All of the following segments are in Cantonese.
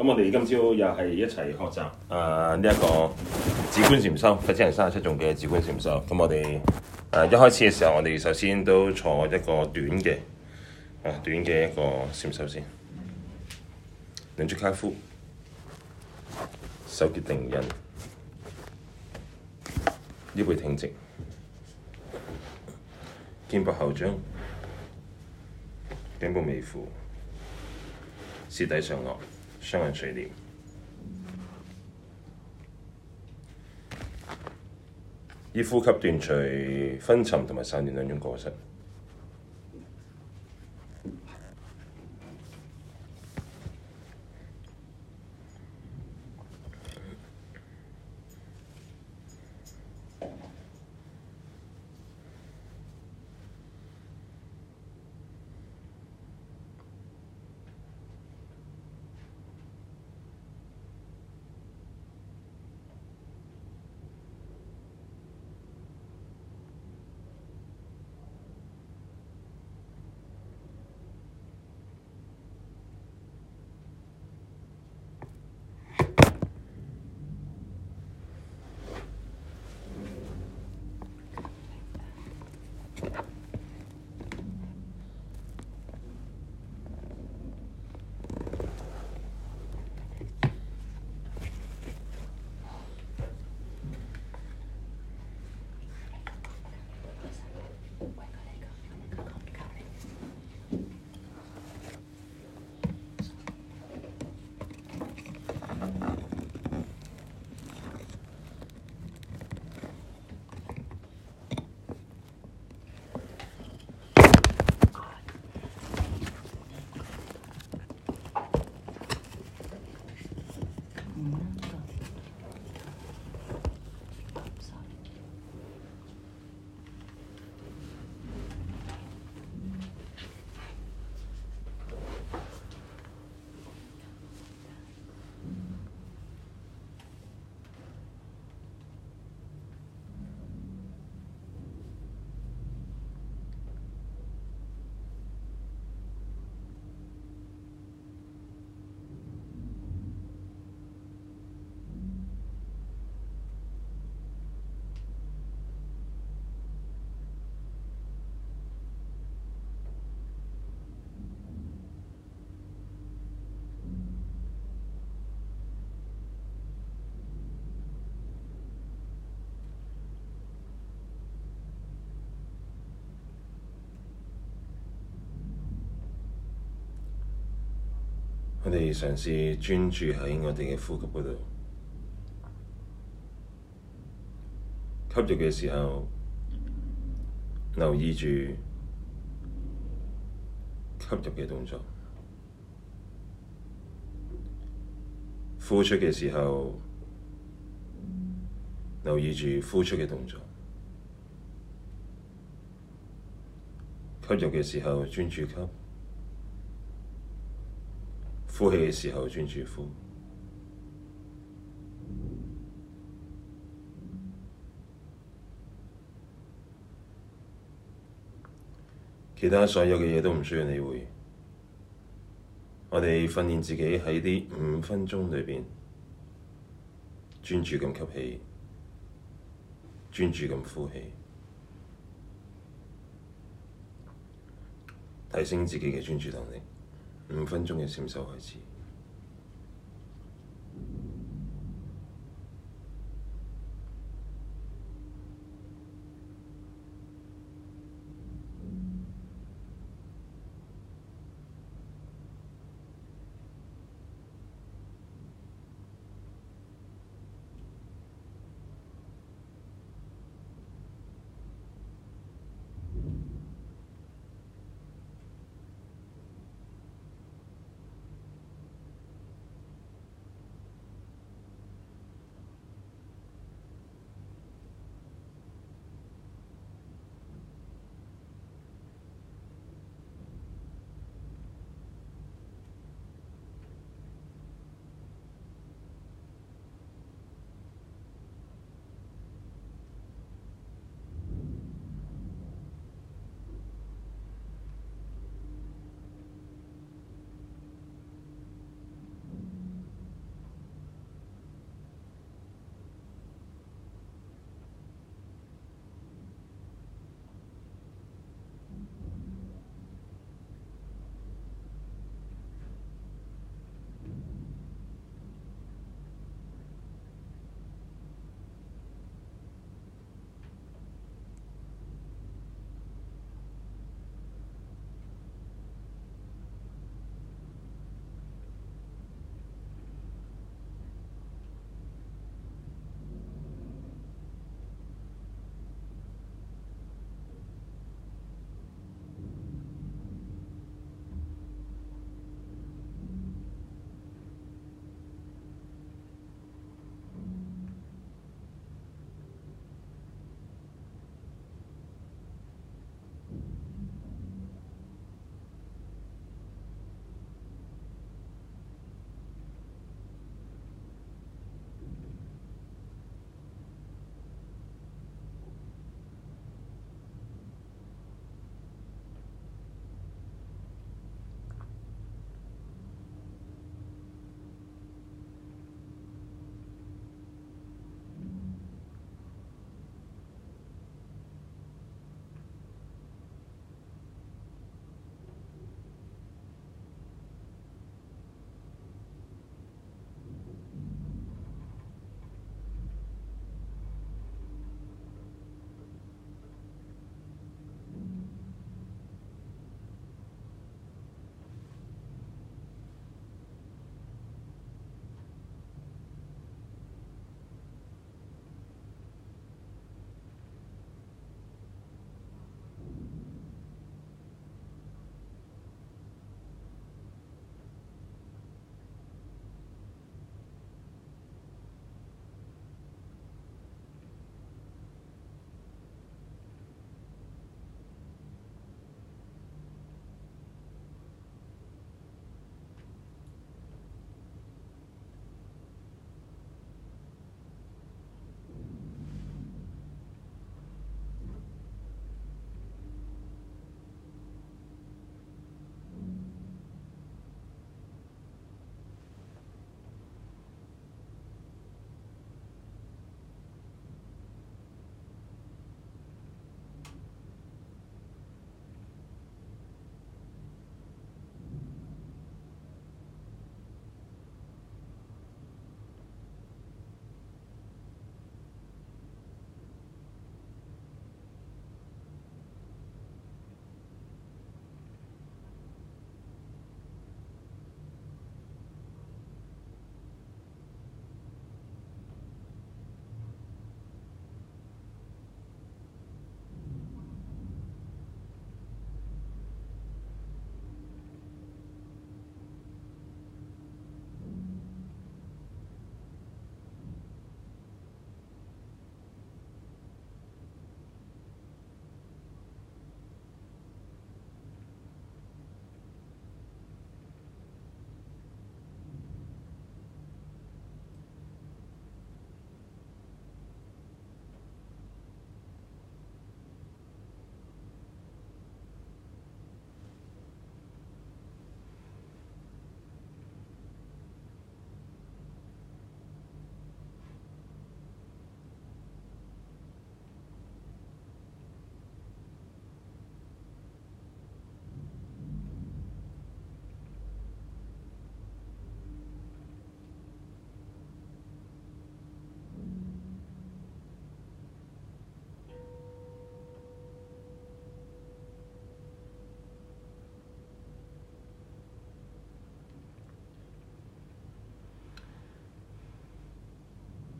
咁我哋今朝又係一齊學習誒呢一個止觀禪修，佛子行三十七種嘅止觀禪修。咁我哋誒、啊、一開始嘅時候，我哋首先都坐一個短嘅啊，短嘅一個禪修先。兩隻跏趺手結定印，腰背挺直，肩膊後張，頸部微俯，舌抵上腭。雙眼垂簾，以呼吸斷除昏沉同埋散亂兩種過失。你哋嘗試專注喺我哋嘅呼吸嗰度，吸入嘅時候留意住吸入嘅動作，呼出嘅時候留意住呼出嘅動作，吸入嘅時候專注吸。呼氣嘅時候專注呼，其他所有嘅嘢都唔需要理會。我哋訓練自己喺呢五分鐘裏邊，專注咁吸氣，專注咁呼氣，提升自己嘅專注能力。五分鐘嘅禪修開始。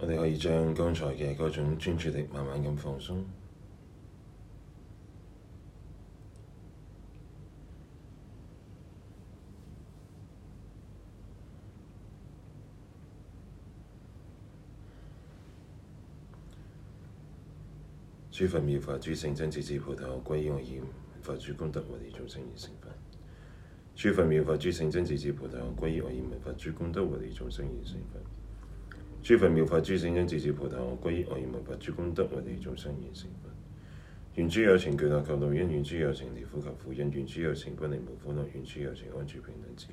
我哋可以將剛才嘅嗰種專注力慢慢咁放鬆。諸佛妙法諸聖真智智菩提海歸依我願，法主功德我地眾生願成佛。諸佛妙法諸聖真智智菩提海歸依我願，至至我而法主功德我地眾生願成佛。諸佛妙法諸聖恩自是菩提。我歸依我願聞佛諸功德，為你眾生願成佛。願諸有情具大功德，因願諸有情離苦及苦因，願諸有情，情不離無苦樂，願諸有情安住平等智。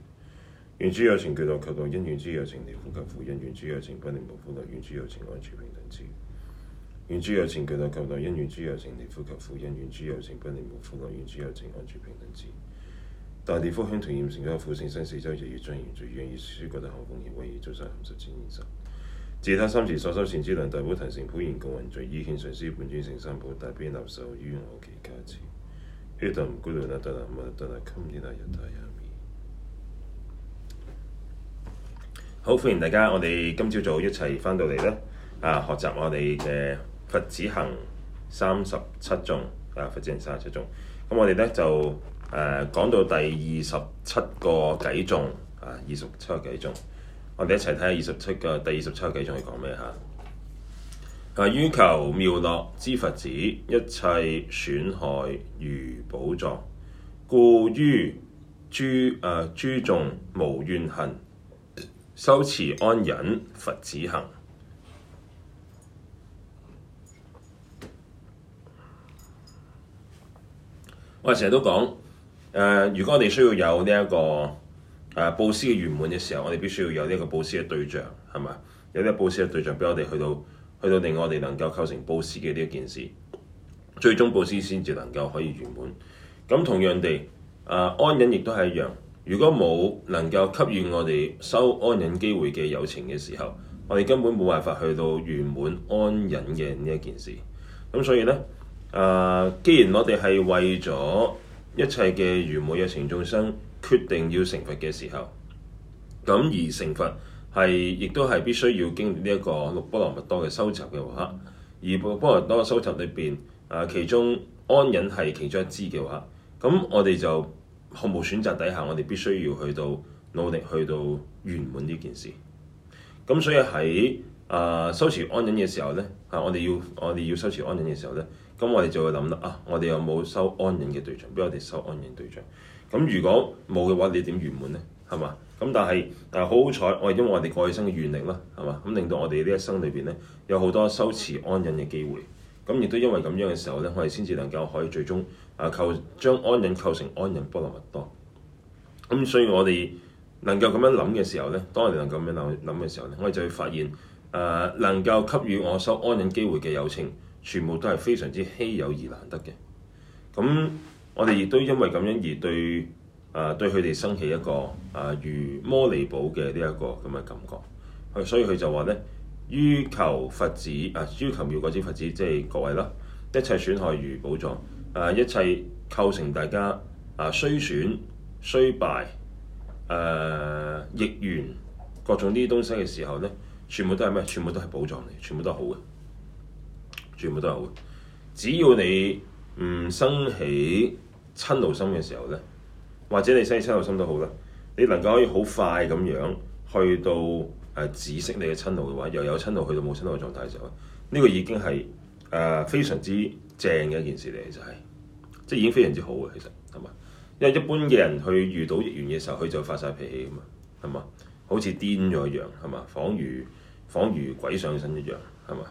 願諸有情具大功德，因願諸有情離苦及苦因，願諸有情不離無苦樂，願諸有情安住平等智。願諸有情具大功德，因願諸有情離苦及苦因，願諸有情不離無苦樂，願諸有情安住平等智。大地福香團焰成，家，富勝生四周，日月莊嚴在，日夜殊功德行奉獻，為做晒生實展現實。自他心自所修善之糧大菩提成，普賢共雲聚，以獻上師本尊成三寶，大悲納受於我其家子。 好，歡迎大家，我哋今朝早一齊翻到嚟咧。啊，學習我哋嘅佛子行三十七頌啊，佛子行三十七頌。咁我哋咧就誒講、啊、到第二十七個偈頌啊，二十七個偈頌。我哋一齊睇下二十七嘅第二十七偈頌係講咩嚇？啊，於求妙樂之佛子，一切損害如寶藏，故於諸誒諸眾無怨恨，修持安忍佛子行。我哋成日都講誒、呃，如果我哋需要有呢、這、一個。啊、布施嘅圓滿嘅時候，我哋必須要有呢一個佈施嘅對象，係咪？有呢個布施嘅對象俾我哋去到，去到令我哋能夠構成布施嘅呢一件事，最終布施先至能夠可以圓滿。咁同樣地，誒、啊、安忍亦都係一樣。如果冇能夠給予我哋收安忍機會嘅友情嘅時候，我哋根本冇辦法去到圓滿安忍嘅呢一件事。咁所以呢，誒、啊，既然我哋係為咗一切嘅如母有情眾生。決定要成佛嘅時候，咁而成佛係亦都係必須要經歷呢一個六波羅蜜多嘅收集嘅話，而六波羅蜜多收集裏邊啊，其中安忍係其中一支嘅話，咁我哋就毫無選擇底下，我哋必須要去到努力去到圓滿呢件事。咁所以喺啊、呃、收持安忍嘅時候咧，啊我哋要我哋要修持安忍嘅時候咧，咁我哋就會諗啦啊，我哋有冇修安忍嘅對象？俾我哋修安忍對象。咁如果冇嘅話，你點圓滿呢？係嘛？咁但係，但係好好彩，我係因為我哋過去生嘅願力啦，係嘛？咁令到我哋呢一生裏邊咧，有好多修持安忍嘅機會。咁亦都因為咁樣嘅時候咧，我哋先至能夠可以最終啊構將安忍構成安忍波羅蜜多。咁所以我哋能夠咁樣諗嘅時候咧，當我哋能咁樣諗諗嘅時候咧，我哋就會發現，誒、呃、能夠給予我修安忍機會嘅友情，全部都係非常之稀有而難得嘅。咁我哋亦都因為咁樣而對啊、呃、對佢哋生起一個啊如摩尼寶嘅呢一個咁嘅感覺，嗯、所以佢就話呢，於求佛子啊，於、呃、求妙果之佛子，即係各位咯，一切損害如寶藏啊、呃，一切構成大家啊、呃、衰損衰敗誒逆緣各種呢啲東西嘅時候呢，全部都係咩？全部都係寶藏嚟，全部都係好嘅，全部都係好嘅。只要你唔生起嗔怒心嘅時候呢，或者你生意嗔怒心都好啦，你能夠可以好快咁樣去到誒止息你嘅嗔怒嘅話，又有嗔怒去到冇嗔怒嘅狀態嘅時候，呢、這個已經係誒、呃、非常之正嘅一件事嚟，就係、是、即係已經非常之好嘅，其實係嘛？因為一般嘅人去遇到違緣嘅時候，佢就會發晒脾氣㗎嘛，係嘛？好似癲咗一樣，係嘛？仿如仿如鬼上身一樣，係嘛？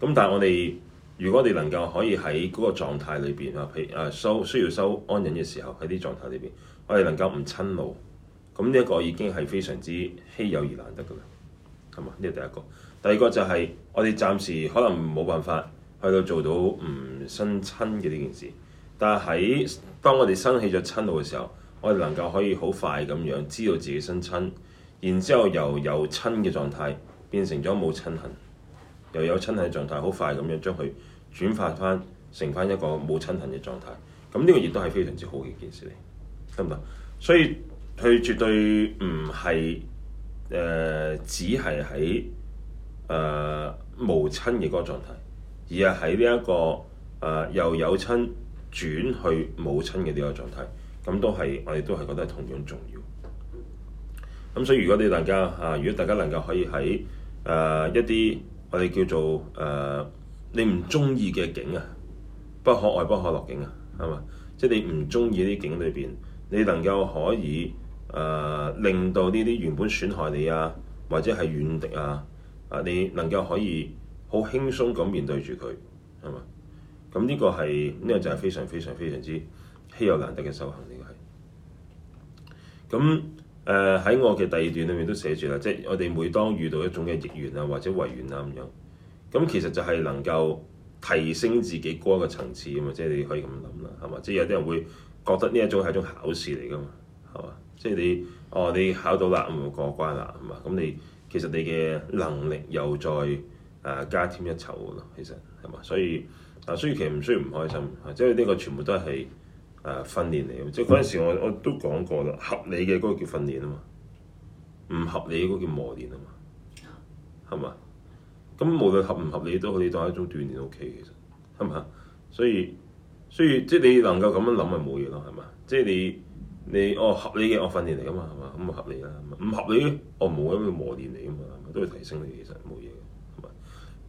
咁但係我哋。如果我哋能夠可以喺嗰個狀態裏邊啊，譬如啊修需要修安忍嘅時候喺啲狀態裏邊，我哋能夠唔嗔怒，咁呢一個已經係非常之稀有而難得嘅啦，係嘛？呢個第一個，第二個就係、是、我哋暫時可能冇辦法去到做到唔生嗔嘅呢件事，但係喺當我哋生起咗嗔怒嘅時候，我哋能夠可以好快咁樣知道自己生嗔，然之後由有嗔嘅狀態變成咗冇嗔恨。又有嗔恨狀態，好快咁樣將佢轉化翻成翻一個冇嗔恨嘅狀態。咁呢個亦都係非常之好嘅一件事嚟，得唔得？所以佢絕對唔係誒，只係喺誒無嗔嘅嗰個狀態，而係喺呢一個誒、呃、又有嗔轉去冇嗔嘅呢個狀態。咁都係我哋都係覺得同樣重要。咁所以如果你大家啊、呃，如果大家能夠可以喺誒、呃、一啲。我哋叫做誒、呃，你唔中意嘅境啊，不可愛不可樂境啊，係嘛？即係你唔中意啲境裏邊，你能夠可以誒、呃，令到呢啲原本損害你啊，或者係怨敵啊，啊，你能夠可以好輕鬆咁面對住佢，係嘛？咁呢個係呢、呢個就係非常非常非常之稀有難得嘅修行，呢個係。咁。誒，喺我嘅第二段裏面都寫住啦，即係我哋每當遇到一種嘅逆緣啊，或者違緣啊咁樣，咁其實就係能夠提升自己高一個層次啊嘛，即係你可以咁諗啦，係嘛？即係有啲人會覺得呢一種係一種考試嚟㗎嘛，係嘛？即係你哦，你考到啦，唔過關啦，係嘛？咁你其實你嘅能力又再誒、呃、加添一籌咯，其實係嘛？所以啊，雖然其實唔需要唔開心，即係呢個全部都係。誒、啊、訓練嚟嘅，即係嗰陣時我我都講過啦，合理嘅嗰個叫訓練啊嘛，唔合理嗰個叫磨練啊嘛，係嘛？咁無論合唔合理，都可以當一種鍛鍊，O K，其實係咪？所以所以即係你能夠咁樣諗咪冇嘢咯，係咪？即係你你哦合理嘅我訓練嚟噶嘛，係嘛？咁啊合理啦，唔合理我唔無非係磨練你噶嘛，係咪？都會提升你其實冇嘢嘅，係咪？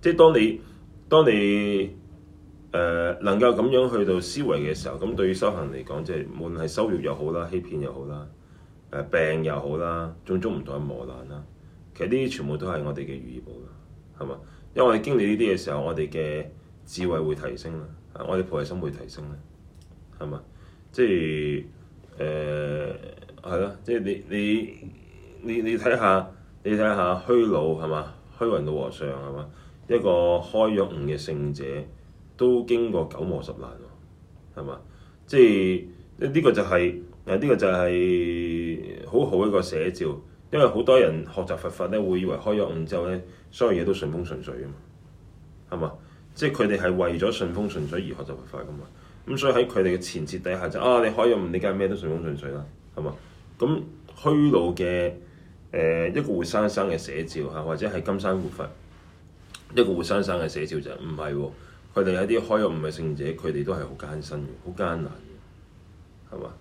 即係當你當你，當你誒、呃、能夠咁樣去到思維嘅時候，咁對於修行嚟講，即係無論係羞辱又好啦，欺騙又好啦，誒病又好啦，種種唔同嘅磨難啦，其實呢啲全部都係我哋嘅如意寶㗎，係嘛？因為我哋經歷呢啲嘅時候，我哋嘅智慧會提升啦，我哋菩提心會提升啦，係嘛？即係誒係咯，即係你你你你睇下你睇下虛老係嘛？虛雲老和尚係嘛？一個開悟嘅聖者。都經過九磨十難喎，係嘛？即係呢、這個就係、是，啊、這、呢個就係好好一個寫照，因為好多人學習佛法咧，會以為開悟之後咧，所有嘢都順風順水啊嘛，係嘛？即係佢哋係為咗順風順水而學習佛法噶嘛，咁所以喺佢哋嘅前設底下就啊，你開悟，你梗係咩都順風順水啦，係嘛？咁虛老嘅誒一個活生生嘅寫照嚇，或者係金山活佛一個活生生嘅寫照就唔係喎。佢哋係一啲開悟嘅聖者，佢哋都係好艱辛嘅，好艱難嘅，係嘛？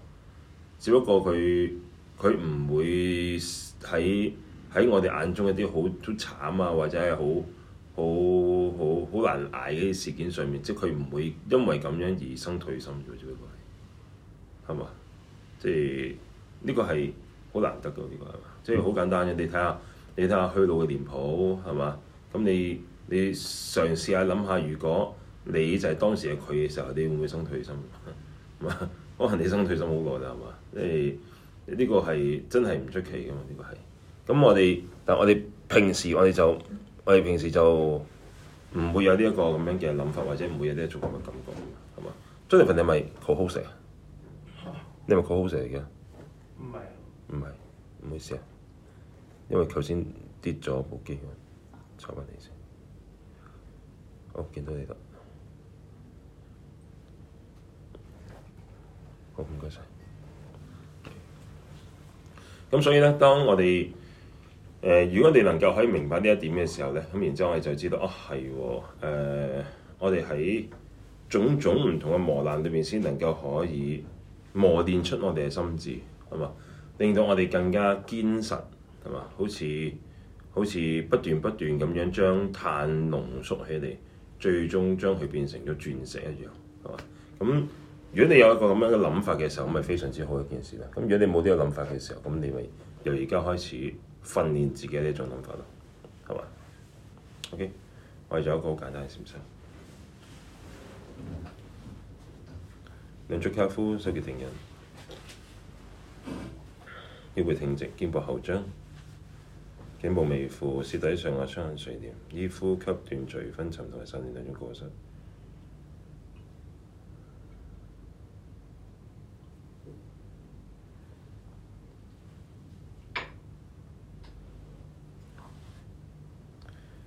只不過佢佢唔會喺喺我哋眼中一啲好慘啊，或者係好好好好難捱嘅事件上面，即係佢唔會因為咁樣而生退心咗，只不過係係嘛？即係呢個係好難得嘅，呢個係嘛？即係好簡單嘅，你睇下，你睇下虛老嘅年譜，係嘛？咁你你嘗試下諗下，如果你就係當時係佢嘅時候，你會唔會生退心？可能你生退心好耐啦，係嘛？即係呢個係真係唔出奇嘅嘛。呢、這個係咁、嗯，我哋但我哋平時我哋就我哋平時就唔會有呢一個咁樣嘅諗法，或者唔會有呢種咁嘅感覺，係嘛？Jonathan 你咪好好食啊？ 你咪好好食嚟嘅？唔係唔係唔好意思啊，因為頭先跌咗部機啊，坐翻你先。我見到你得。好唔該曬。咁所以咧，當我哋誒、呃，如果你能夠可以明白呢一點嘅時候咧，咁然之後我哋就知道啊，係、哦、喎、哦呃、我哋喺種種唔同嘅磨難裏邊，先能夠可以磨練出我哋嘅心智，係嘛，令到我哋更加堅實，係嘛，好似好似不斷不斷咁樣將碳濃縮起嚟，最終將佢變成咗鑽石一樣，係嘛，咁。如果你有一個咁樣嘅諗法嘅時候，咁咪非常之好嘅一件事啦。咁如果你冇呢個諗法嘅時候，咁你咪由而家開始訓練自己呢種諗法咯，係嘛？OK，我哋做一個好簡單嘅練習。兩足跏趺，手結定印，腰部挺直，肩膊後張，頸部微俯，舌抵上下雙唇垂簾，以呼吸斷續分層同埋訓練兩種過失。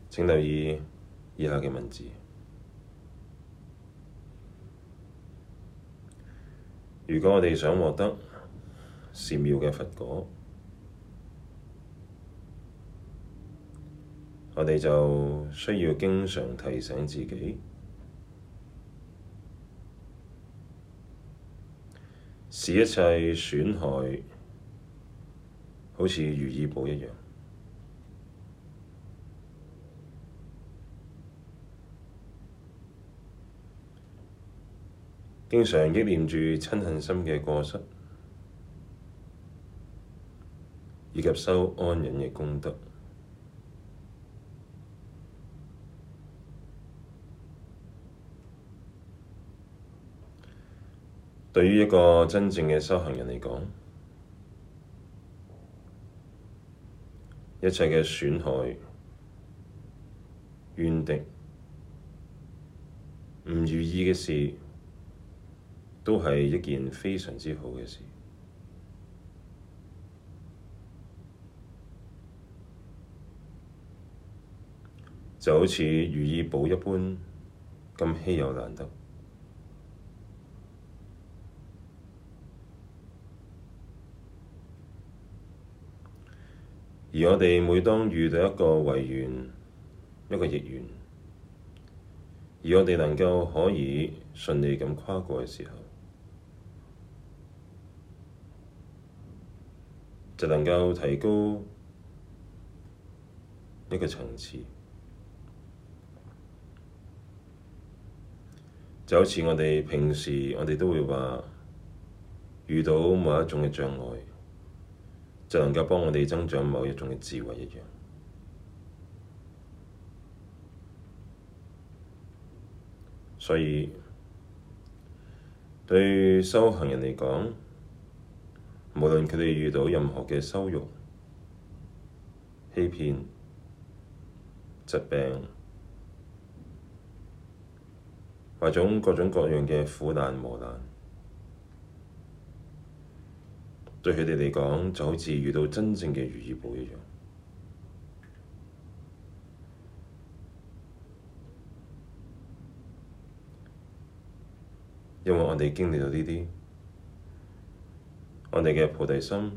請留意以下嘅文字。如果我哋想獲得善妙嘅佛果，我哋就需要經常提醒自己，視一切損害好似如意寶一樣。經常憶念住嗔恨心嘅過失，以及修安忍嘅功德。對於一個真正嘅修行人嚟講，一切嘅損害、怨敵、唔如意嘅事，都係一件非常之好嘅事，就好似如意寶一般咁稀有難得。而我哋每當遇到一個違緣、一個逆緣，而我哋能夠可以順利咁跨過嘅時候，就能夠提高一個層次，就好似我哋平時我哋都會話遇到某一種嘅障礙，就能夠幫我哋增長某一種嘅智慧一樣。所以對修行人嚟講，無論佢哋遇到任何嘅羞辱、欺騙、疾病，或者各種各樣嘅苦難磨難，對佢哋嚟講，就好似遇到真正嘅如意寶一樣。因為我哋經歷咗呢啲。我哋嘅菩提心，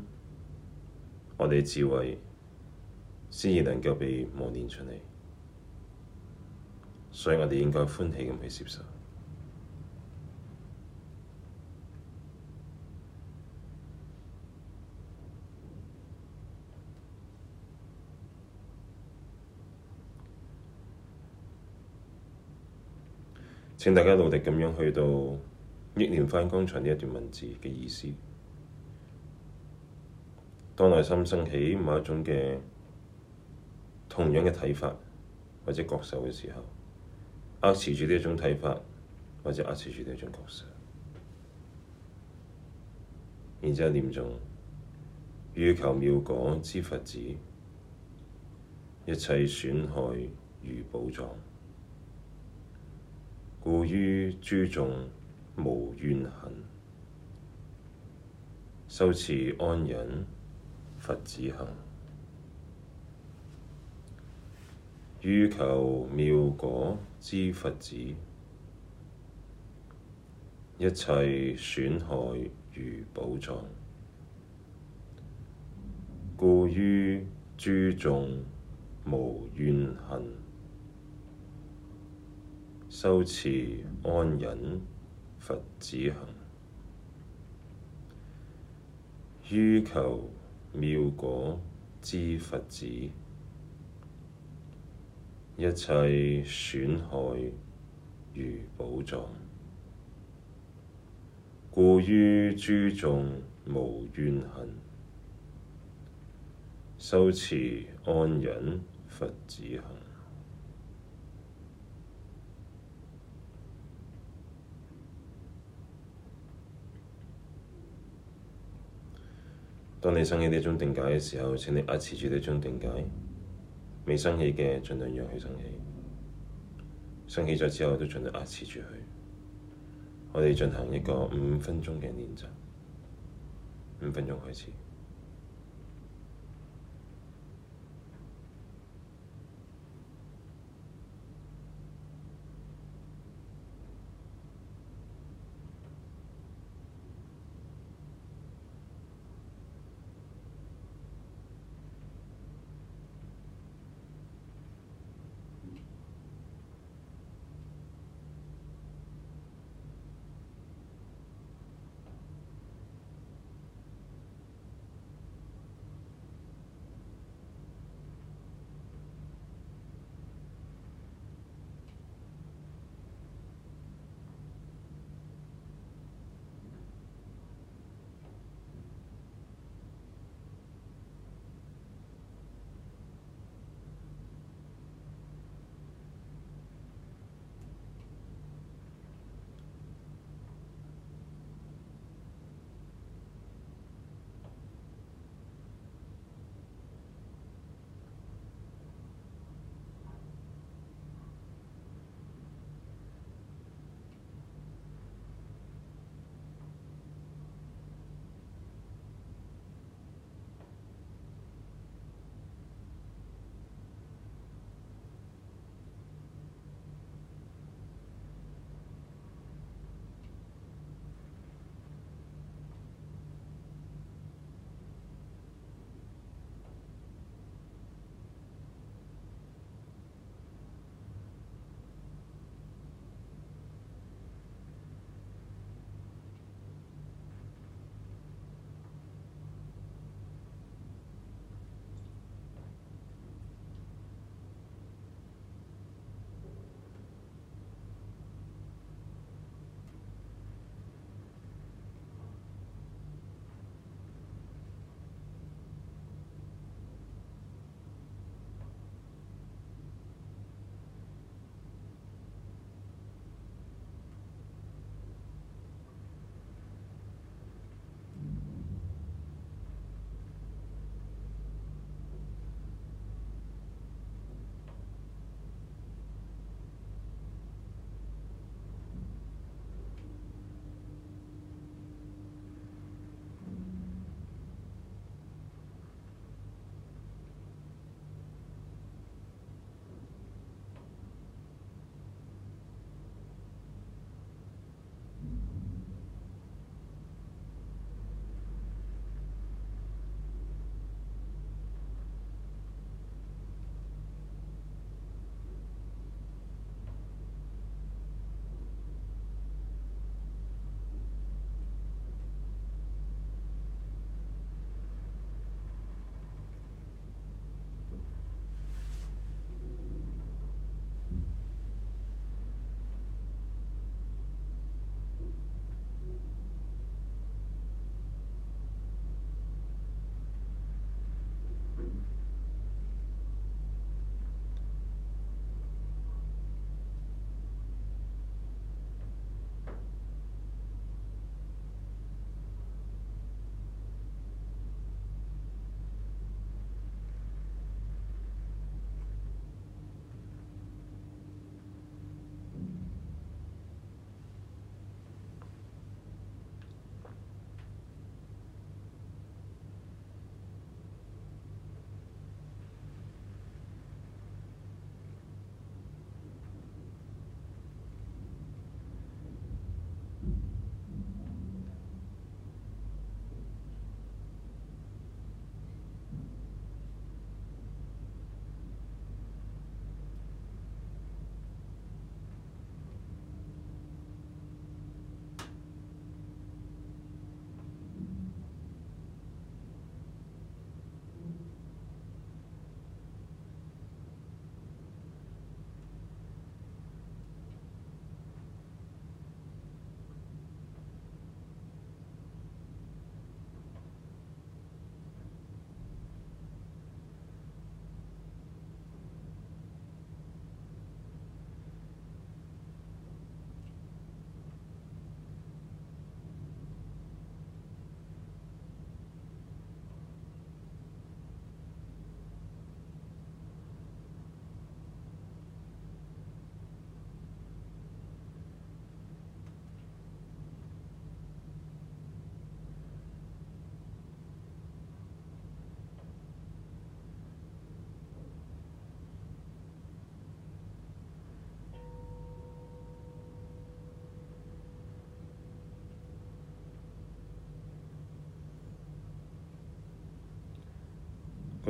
我哋智慧，先至能夠被磨練出嚟，所以我哋應該歡喜咁去接受。請大家努力咁樣去到憶念返剛才呢一段文字嘅意思。當內心升起某一種嘅同樣嘅睇法，或者覺受嘅時候，握持住呢一種睇法，或者握持住呢一種覺受，然之後念誦，於求妙果之佛子，一切損害如寶藏，故於諸眾無怨恨，修持安忍。佛子行，於求妙果之佛子，一切損害如寶藏，故於諸眾無怨恨，修持安忍佛子行，於求妙果之佛子，一切損害如寶藏，故於諸眾無怨恨，修持安忍佛子行。當你生起呢種定解嘅時候，請你壓持住呢種定解。未生起嘅，盡量讓佢生起。生起咗之後，都盡量壓持住佢。我哋進行一個五分鐘嘅練習。五分鐘開始。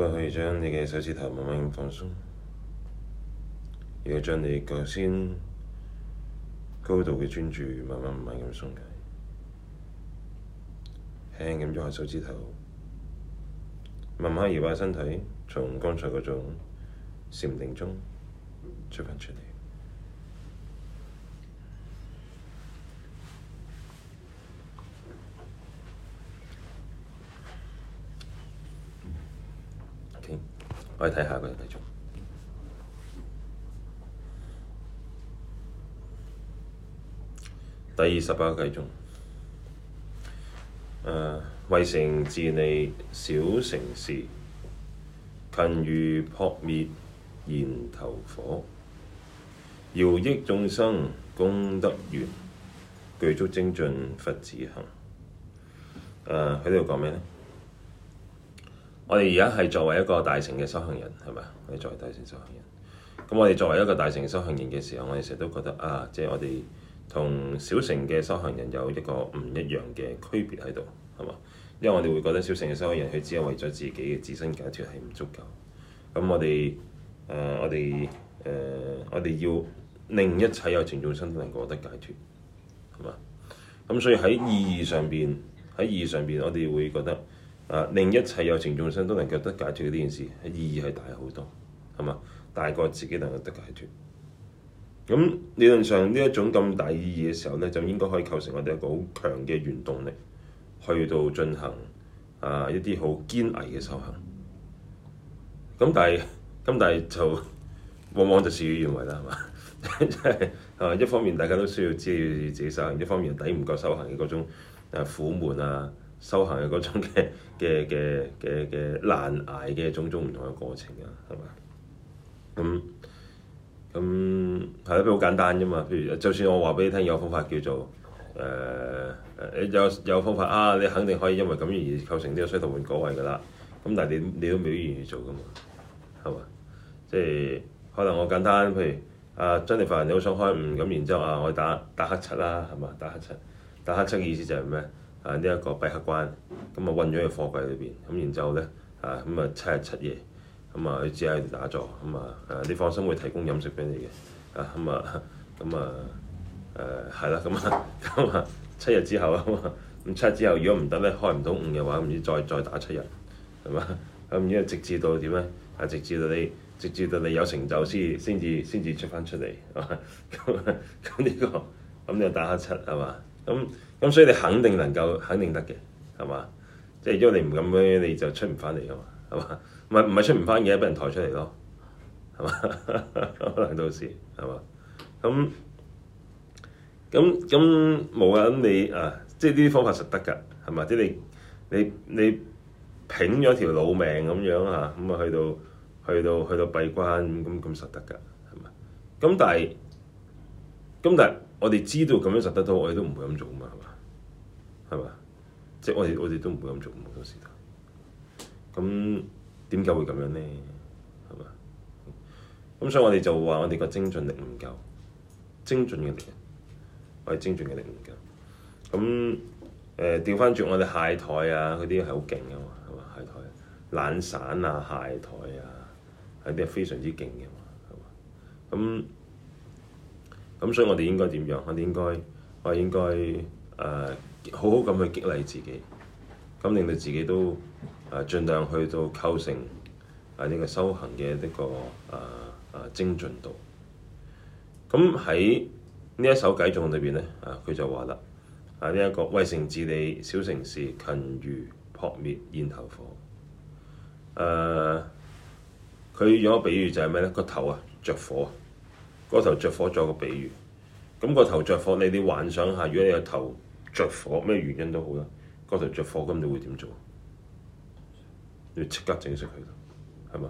你可以將你嘅手指頭慢慢咁放鬆，亦要將你頭先高度嘅專注慢慢慢慢咁鬆解，輕輕咁喐下手指頭，慢慢移把身體從剛才嗰種禪定中出返出嚟。可以睇下佢繼續。第二十八個偈頌，誒、啊，唯成自利小乘士，勤如撲滅燃頭火，饒益眾生功德源，具足精進佛子行。誒、啊，喺度講咩咧？我哋而家係作為一個大乘嘅修行人，係咪？我哋作為大乘修行人，咁我哋作為一個大乘嘅修行人嘅時候，我哋成日都覺得啊，即係我哋同小乘嘅修行人有一個唔一樣嘅區別喺度，係嘛？因為我哋會覺得小乘嘅修行人佢只係為咗自己嘅自身解脫係唔足夠，咁我哋誒、呃、我哋誒、呃、我哋要令一切有情眾生都能夠得解脫，係嘛？咁所以喺意義上邊，喺意義上邊，我哋會覺得。啊、令一切有情眾生都能夠得解脫呢件事，意義係大好多，係嘛？大過自己能夠得解脫。咁理論上呢一種咁大意義嘅時候呢，就應該可以構成我哋一個好強嘅原動力，去到進行啊一啲好堅毅嘅修行。咁但係，咁但係就往往就事與願違啦，係嘛？即係啊，一方面大家都需要知自，自己修行，一方面又抵唔過修行嘅各種、啊、苦悶啊。修行嘅嗰種嘅嘅嘅嘅嘅難捱嘅種種唔同嘅過程啊，係嘛？咁咁係咯，譬、嗯、好簡單啫嘛，譬如就算我話俾你聽，有方法叫做誒、呃，有有方法啊，你肯定可以因為咁而構成呢個衰途換果位噶啦。咁、嗯、但係你你都未必願意做噶嘛，係嘛？即係可能我簡單，譬如啊，Jennifer，你好想開悟咁，然之後啊，我打打黑七啦，係嘛？打黑七，打黑七嘅意思就係咩？啊！呢、這、一個閉客關，咁啊運咗去貨櫃裏邊，咁、嗯、然之後咧，啊咁啊、嗯、七日七夜，咁啊佢只喺度打坐，咁啊誒你放心，會提供飲食俾你嘅，啊咁、嗯、啊咁、嗯、啊誒係啦，咁、嗯、啊咁、嗯、啊、嗯啊嗯、七日之後啊，咁、嗯、七日之後如果唔得咧，開唔到五嘅話，唔、嗯、知再再打七日係嘛？咁如果直至到點咧？啊直至到你，直至到你有成就先先至先至出翻出嚟係嘛？咁咁呢個咁就、嗯、打下七係嘛？咁。嗯咁所以你肯定能夠肯定得嘅，係嘛？即係因為你唔咁樣，你就出唔翻嚟嘅嘛，係嘛？唔係唔係出唔翻嘅，俾人抬出嚟咯，係嘛？ 可能到時係嘛？咁咁咁冇啊！咁你啊，即係呢啲方法實得㗎，係嘛？即係你你你拼咗條老命咁樣啊，咁啊去到去到去到，去到閉關咁咁咁實得㗎，係嘛？咁但係咁但係我哋知道咁樣實得到，我哋都唔會咁做啊嘛，係嘛？係嘛？即係我哋，我哋都唔會咁做。咁點解會咁樣呢？係嘛？咁所以我哋就話我哋個精進力唔夠，精進嘅力，我哋精進嘅力唔夠。咁誒調翻轉我哋懈怠啊，嗰啲係好勁㗎嘛，係嘛？懈怠、懶散啊、懈怠啊，係啲非常之勁嘅嘛，係嘛？咁咁所以我哋應該點樣？我哋應該，我哋應該誒，呃好好咁去激勵自己，咁令到自己都誒，儘量去到構成啊呢個修行嘅呢、這個誒誒、啊、精進度。咁喺呢一首偈頌裏邊咧，啊佢就話啦，啊呢一、這個唯成自利小乘士，勤如撲滅燃頭火。誒、啊，佢用個比喻就係咩咧？個頭啊着火，個頭着火，作個比喻，咁個頭着火，你你幻想下，如果你個頭着火咩原因都好啦，嗰度着火咁你會點做？要即刻整熄佢，係嘛？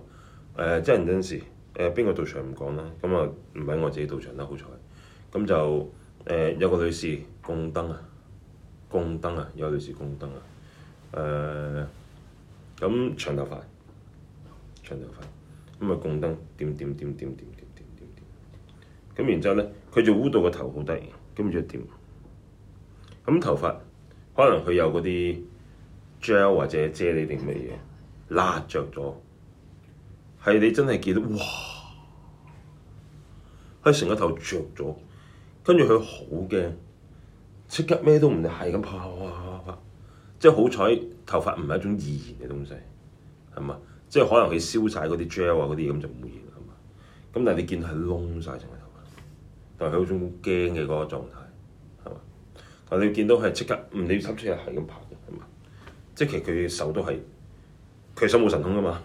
誒、呃，真人真事誒，邊個、呃、到場唔講啦。咁啊，唔係我自己到場啦，好彩。咁就誒、呃、有個女士，供燈啊，供燈啊，有個女士供燈啊。誒、呃，咁長頭髮，長頭髮，咁啊供燈點點點點點點點點。咁然之後咧，佢就污到個頭好低，跟住點？咁頭髮可能佢有嗰啲 gel 或者啫喱定乜嘢，拉着咗，係你真係見到哇，係成個頭着咗，跟住佢好驚，即刻咩都唔係咁拍拍拍拍，即係好彩頭髮唔係一種易燃嘅東西，係嘛？即係可能佢燒晒嗰啲 gel 啊嗰啲咁就唔會易燃啦嘛。咁但係你見係窿晒成個頭髮，但係佢種驚嘅嗰個狀態。你見到係即刻，唔、嗯、你心出係係咁拍嘅，係嘛？即係其實佢手都係佢手冇神通啊嘛，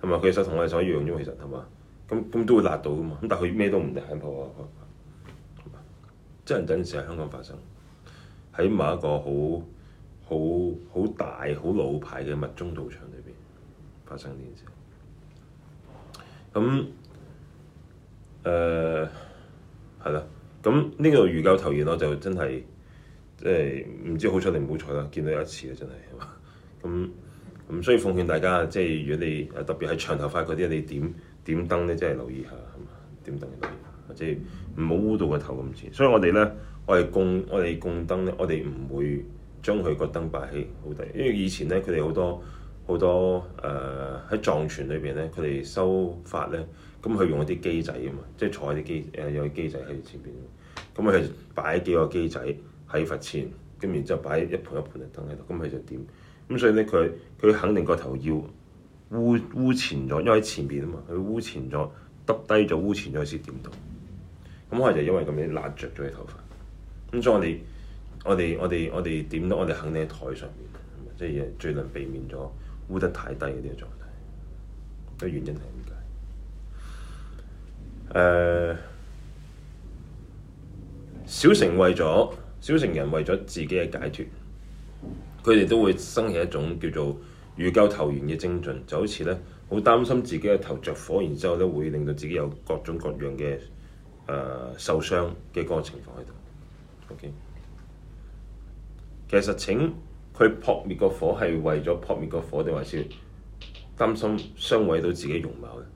係嘛？佢手同我隻手一樣啫，其實係嘛？咁咁都會辣到噶嘛？咁但佢咩都唔打破啊！即係呢件事喺香港發生喺某一個好好好大好老牌嘅密宗道場裏邊發生呢件事。咁誒係啦，咁、呃、呢、這個如教投現我就真係。即係唔知好彩定唔好彩啦，見到有一次啊，真係係嘛，咁咁，所以奉勸大家，即係如果你特別係長頭髮嗰啲，你點點燈咧，即係留意下，點燈啊，留意下，即係唔好污到個頭咁黐。所以我哋咧，我哋供我哋供燈咧，我哋唔會將佢個燈擺喺好低，因為以前咧，佢哋好多好多誒喺藏傳裏邊咧，佢哋修法咧，咁佢用一啲機仔啊嘛，即係坐喺啲機誒有啲機仔喺前邊，咁佢係擺幾個機仔。喺佛前，咁然之後擺一盤一盤嘅燈喺度，咁佢就點？咁所以咧，佢佢肯定個頭要污污前咗，因為喺前邊啊嘛，佢污前咗，耷低咗污前咗先點到。咁可能就因為咁樣辣着咗啲頭髮。咁所以我哋我哋我哋我哋點都我哋肯定喺台上面，即係、就是、盡量避免咗污得太低嗰啲狀態。這個原因係點解？誒、uh,，小乘為咗。小乘人為咗自己嘅解脫，佢哋都會生起一種叫做如救頭燃嘅精進，就好似呢，好擔心自己嘅頭着火，然之後咧會令到自己有各種各樣嘅誒、呃、受傷嘅嗰個情況喺度。O.K. 其實請佢撲滅個火係為咗撲滅個火定還是擔心傷毀到自己容貌咧？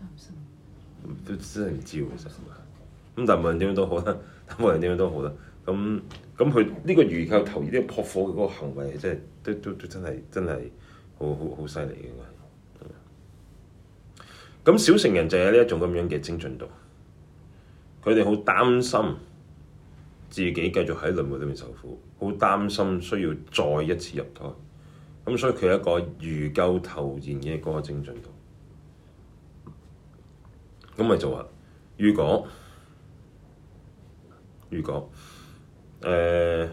擔心，都真係唔知，其實～咁但無論點樣都好啦，無論點樣都好啦。咁咁佢呢個如救頭燃撲火嘅嗰個行為真都都真，真係都都真係真係好好好犀利嘅。應該咁小乘人就係呢一種咁樣嘅精進度，佢哋好擔心自己繼續喺輪迴裏面受苦，好擔心需要再一次入胎。咁所以佢一個如救頭燃嘅嗰個精進度。咁咪就話，如果如果誒、呃，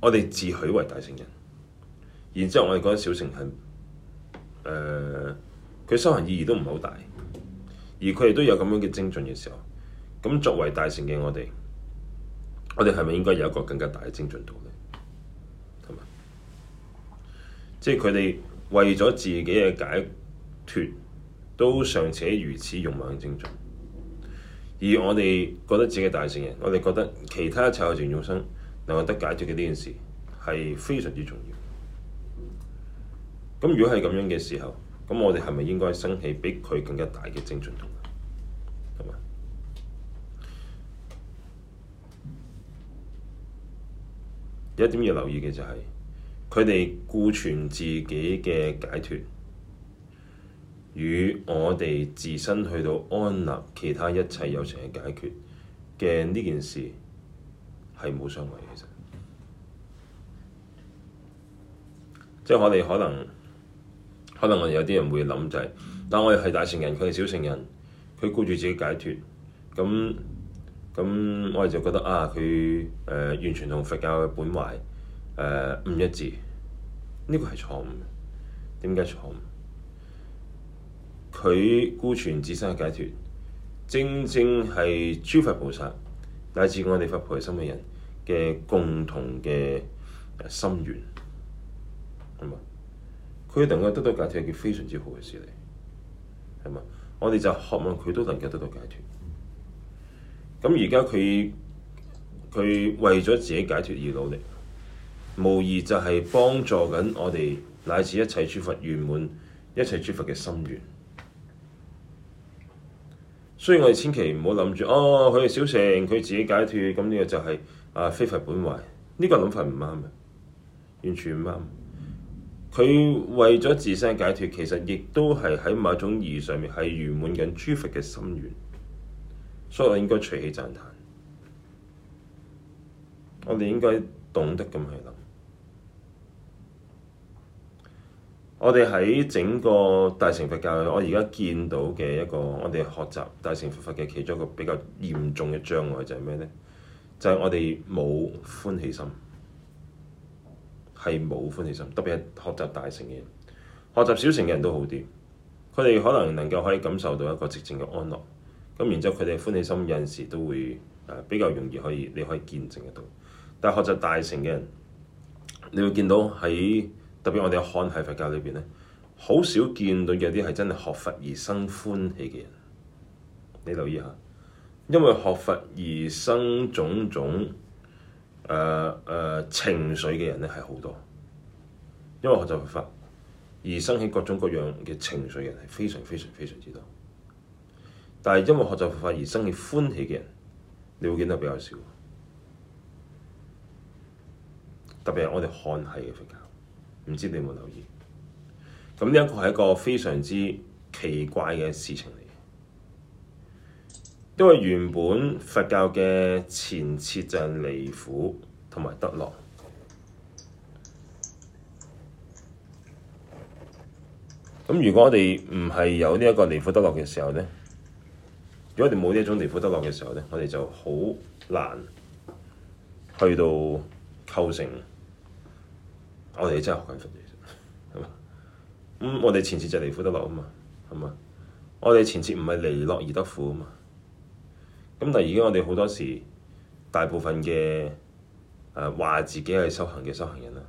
我哋自詡為大乘人，然之後我哋覺得小乘係誒，佢、呃、修行意義都唔係好大，而佢哋都有咁樣嘅精進嘅時候，咁作為大乘嘅我哋，我哋係咪應該有一個更加大嘅精進度咧？係咪？即係佢哋為咗自己嘅解脫，都尚且如此勇猛精進。而我哋覺得自己大乘人，我哋覺得其他一切有情眾生能夠得解脱嘅呢件事係非常之重要。咁如果係咁樣嘅時候，咁我哋係咪應該生起比佢更加大嘅精進同？係嘛？有一點要留意嘅就係、是，佢哋顧全自己嘅解脱。與我哋自身去到安立其他一切有情嘅解決嘅呢件事係冇相違嘅，其實，即係我哋可能可能我哋有啲人會諗就係、是，但我哋係大乘人，佢係小乘人，佢顧住自己解脱，咁咁我哋就覺得啊，佢誒、呃、完全同佛教嘅本懷誒唔、呃、一致，呢、這個係錯，錯誤，點解錯誤？佢顧全自身嘅解脫，正正係諸佛菩薩乃至我哋佛菩薩心嘅人嘅共同嘅心願，係嘛？佢能夠得到解脫係件非常之好嘅事嚟，係嘛？我哋就渴望佢都能夠得到解脫。咁而家佢佢為咗自己解脫而努力，無疑就係幫助緊我哋乃至一切諸佛圓滿一切諸佛嘅心願。所以我哋千祈唔好諗住哦，佢係小乘，佢自己解脫，咁呢個就係啊非法本懷。呢、這個諗法唔啱啊，完全唔啱。佢為咗自身解脫，其實亦都係喺某一種意義上面係圓滿緊諸佛嘅心願，所以我應該隨喜讚歎。我哋應該懂得咁去諗。我哋喺整個大乘佛教，我而家見到嘅一個，我哋學習大乘佛法嘅其中一個比較嚴重嘅障礙就係咩呢？就係、是、我哋冇歡喜心，係冇歡喜心。特別係學習大乘嘅人，學習小乘嘅人都好啲，佢哋可能能夠可以感受到一個寂靜嘅安樂。咁然之後佢哋嘅歡喜心有陣時都會、啊、比較容易可以，你可以見證得到。但係學習大乘嘅人，你會見到喺特別我哋喺漢系佛教裏邊咧，好少見到有啲係真係學佛而生歡喜嘅人。你留意下，因為學佛而生種種誒誒、呃呃、情緒嘅人咧係好多，因為學習佛法而生起各種各樣嘅情緒嘅人係非常非常非常之多。但係因為學習佛法而生起歡喜嘅人，你會見得比較少。特別係我哋漢系嘅佛教。唔知你有冇留意？咁呢一個係一個非常之奇怪嘅事情嚟嘅，因為原本佛教嘅前設就係離苦同埋得樂。咁如果我哋唔係有呢一個離苦得樂嘅時候咧，如果我哋冇呢一種離苦得樂嘅時候咧，我哋就好難去到構成。我哋真係學緊佛嘢，係嘛？咁，我哋前節就離苦得樂啊嘛，係嘛？我哋前節唔係離樂而得苦啊嘛。咁但係而家我哋好多時，大部分嘅誒話自己係修行嘅修行人啦，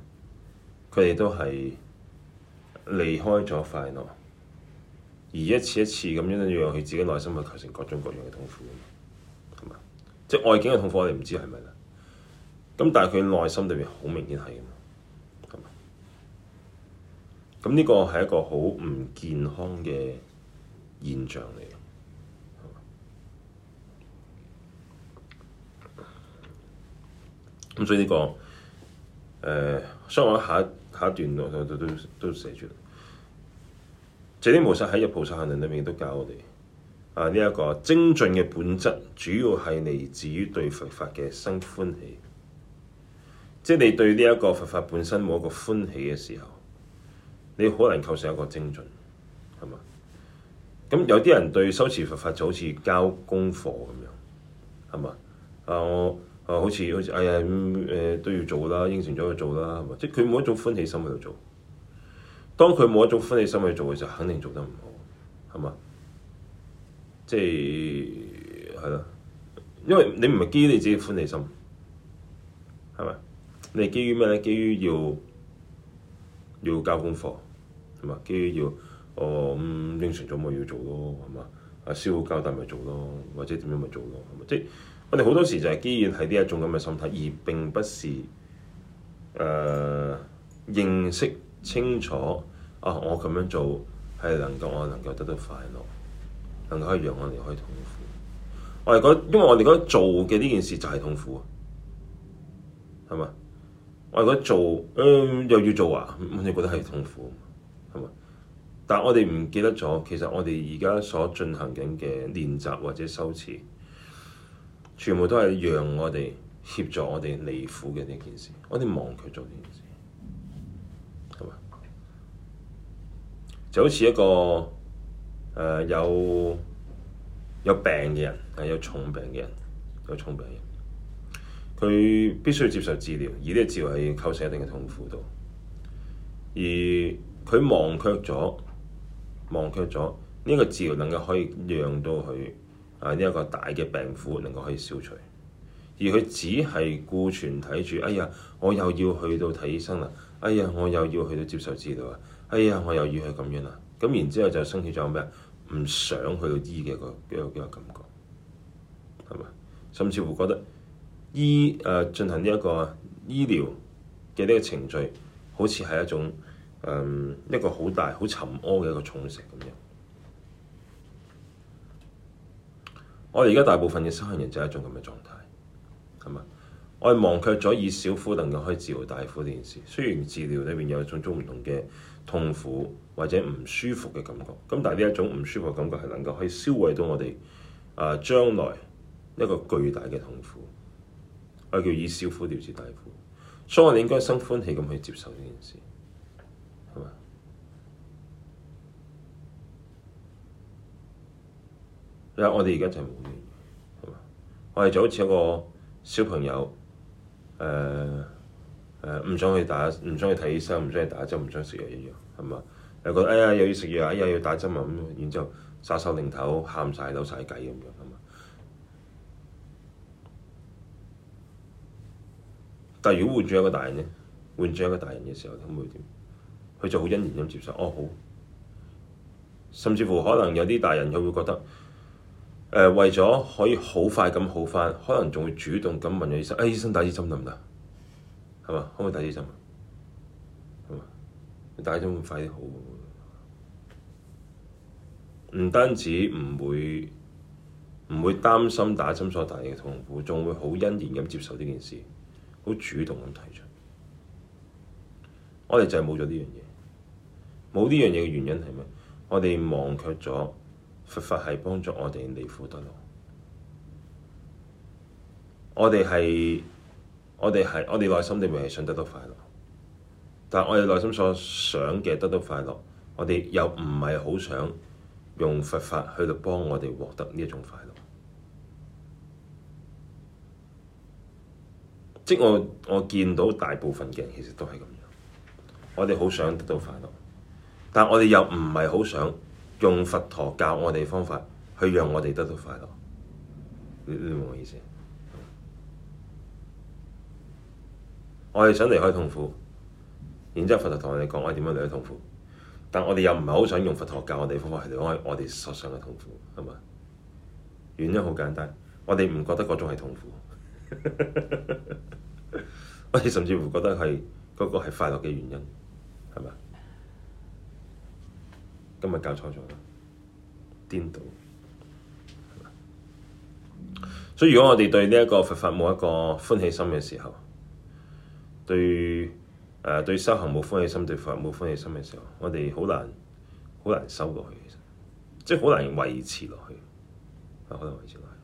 佢哋都係離開咗快樂，而一次一次咁樣讓佢自己內心去構成各種各樣嘅痛苦，係嘛？即係外境嘅痛苦我是是，我哋唔知係咪啦。咁但係佢內心裏面好明顯係㗎咁呢個係一個好唔健康嘅現象嚟嘅。咁所以呢、這個，誒、呃，所以我喺下一下一段度都都都寫住，寂天菩薩喺《入菩薩行論》裏面都教我哋、啊，啊呢一個精進嘅本質，主要係嚟自於對佛法嘅生歡喜。即係你對呢一個佛法本身冇一個歡喜嘅時候。你可能構成一個精進，係嘛？咁有啲人對修持佛法就好似交功課咁樣，係嘛？啊我啊好似好似哎呀咁、嗯呃、都要做啦，應承咗去做啦，係嘛？即係佢冇一種歡喜心喺度做。當佢冇一種歡喜心喺度做嘅時候，肯定做得唔好，係嘛？即係係咯，因為你唔係基於你自己歡喜心，係咪？你基於咩咧？基於要要交功課。咁啊，基於要哦咁、嗯、應承咗咪要做咯，係嘛？啊，師傅交代咪做咯，或者點樣咪做咯，係嘛？即係我哋好多時就係基於係呢一種咁嘅心態，而並不是誒、呃、認識清楚啊。我咁樣做係能夠我、啊、能夠得到快樂，能夠讓我離開痛苦。我哋覺得，因為我哋覺得做嘅呢件事就係痛苦，係咪？我哋覺得做誒、嗯、又要做啊，咁你覺得係痛苦？但我哋唔記得咗，其實我哋而家所進行緊嘅練習或者修持，全部都係讓我哋協助我哋離苦嘅呢件事。我哋忘卻咗呢件事，係咪就好似一個誒、呃、有有病嘅人，係有重病嘅人，有重病嘅人，佢必須要接受治療，而呢個治療係要構成一定嘅痛苦度，而佢忘卻咗。忘卻咗呢個治療能夠可以讓到佢啊呢一個大嘅病苦能夠可以消除，而佢只係顧全睇住，哎呀，我又要去到睇醫生啦，哎呀，我又要去到接受治療啊，哎呀，我又要去咁樣啦，咁然之後就升起咗咩啊？唔想去到醫嘅個一個感覺，係咪？甚至乎覺得醫誒進行呢一個醫療嘅呢個程序，好似係一種。一個好大、好沉屙嘅一個重石咁樣。我哋而家大部分嘅修行人就係一種咁嘅狀態，係嘛？我哋忘卻咗以小苦能夠可以治療大苦呢件事。雖然治療裏面有一種種唔同嘅痛苦或者唔舒服嘅感覺，咁但係呢一種唔舒服嘅感覺係能夠可以消毀到我哋啊將來一個巨大嘅痛苦。我哋叫以小苦調治大苦，所以我哋應該生歡喜咁去接受呢件事。我哋而家就係無言，我哋就好似一個小朋友，誒、呃、誒，唔、呃、想去打，唔想去睇醫生，唔想去打針，唔想食藥一樣，係嘛？又覺得哎呀，又要食藥，哎呀，又要打針啊咁，然之後撒手擰頭喊晒扭晒計咁樣，係嘛？但係如果換轉一個大人咧，換轉一個大人嘅時候，咁會點？佢就好欣然咁接受，哦好，甚至乎可能有啲大人佢會，會覺得。誒、呃、為咗可以快好快咁好翻，可能仲會主動咁問咗醫生：誒、哎、醫生打支針得唔得？係嘛？可唔可以打支針？係嘛？打針會快啲好。唔單止唔會唔會擔心打針所帶嚟嘅痛苦，仲會好欣然咁接受呢件事，好主動咁提出。我哋就係冇咗呢樣嘢，冇呢樣嘢嘅原因係咩？我哋忘卻咗。佛法係幫助我哋離苦得樂。我哋係，我哋係，我哋內心裡面係想得到快樂，但係我哋內心所想嘅得到快樂，我哋又唔係好想用佛法去到幫我哋獲得呢一種快樂。即我我見到大部分嘅人其實都係咁樣，我哋好想得到快樂，但係我哋又唔係好想。用佛陀教我哋方法去讓我哋得到快樂，你明唔明我意思？我係想離開痛苦，然之後佛陀同我哋講我點樣離開痛苦，但我哋又唔係好想用佛陀教我哋方法離開我哋所想嘅痛苦，係咪？原因好簡單，我哋唔覺得嗰種係痛苦， 我哋甚至乎覺得係嗰、嗰個係快樂嘅原因，係咪？今日教錯咗啦，顛倒。所以，如果我哋對呢一個佛法冇一個歡喜心嘅時候，對誒、呃、對修行冇歡喜心，對佛法冇歡喜心嘅時候，我哋好難好難修落去，其實即係好難維持落去，係好難維持落去。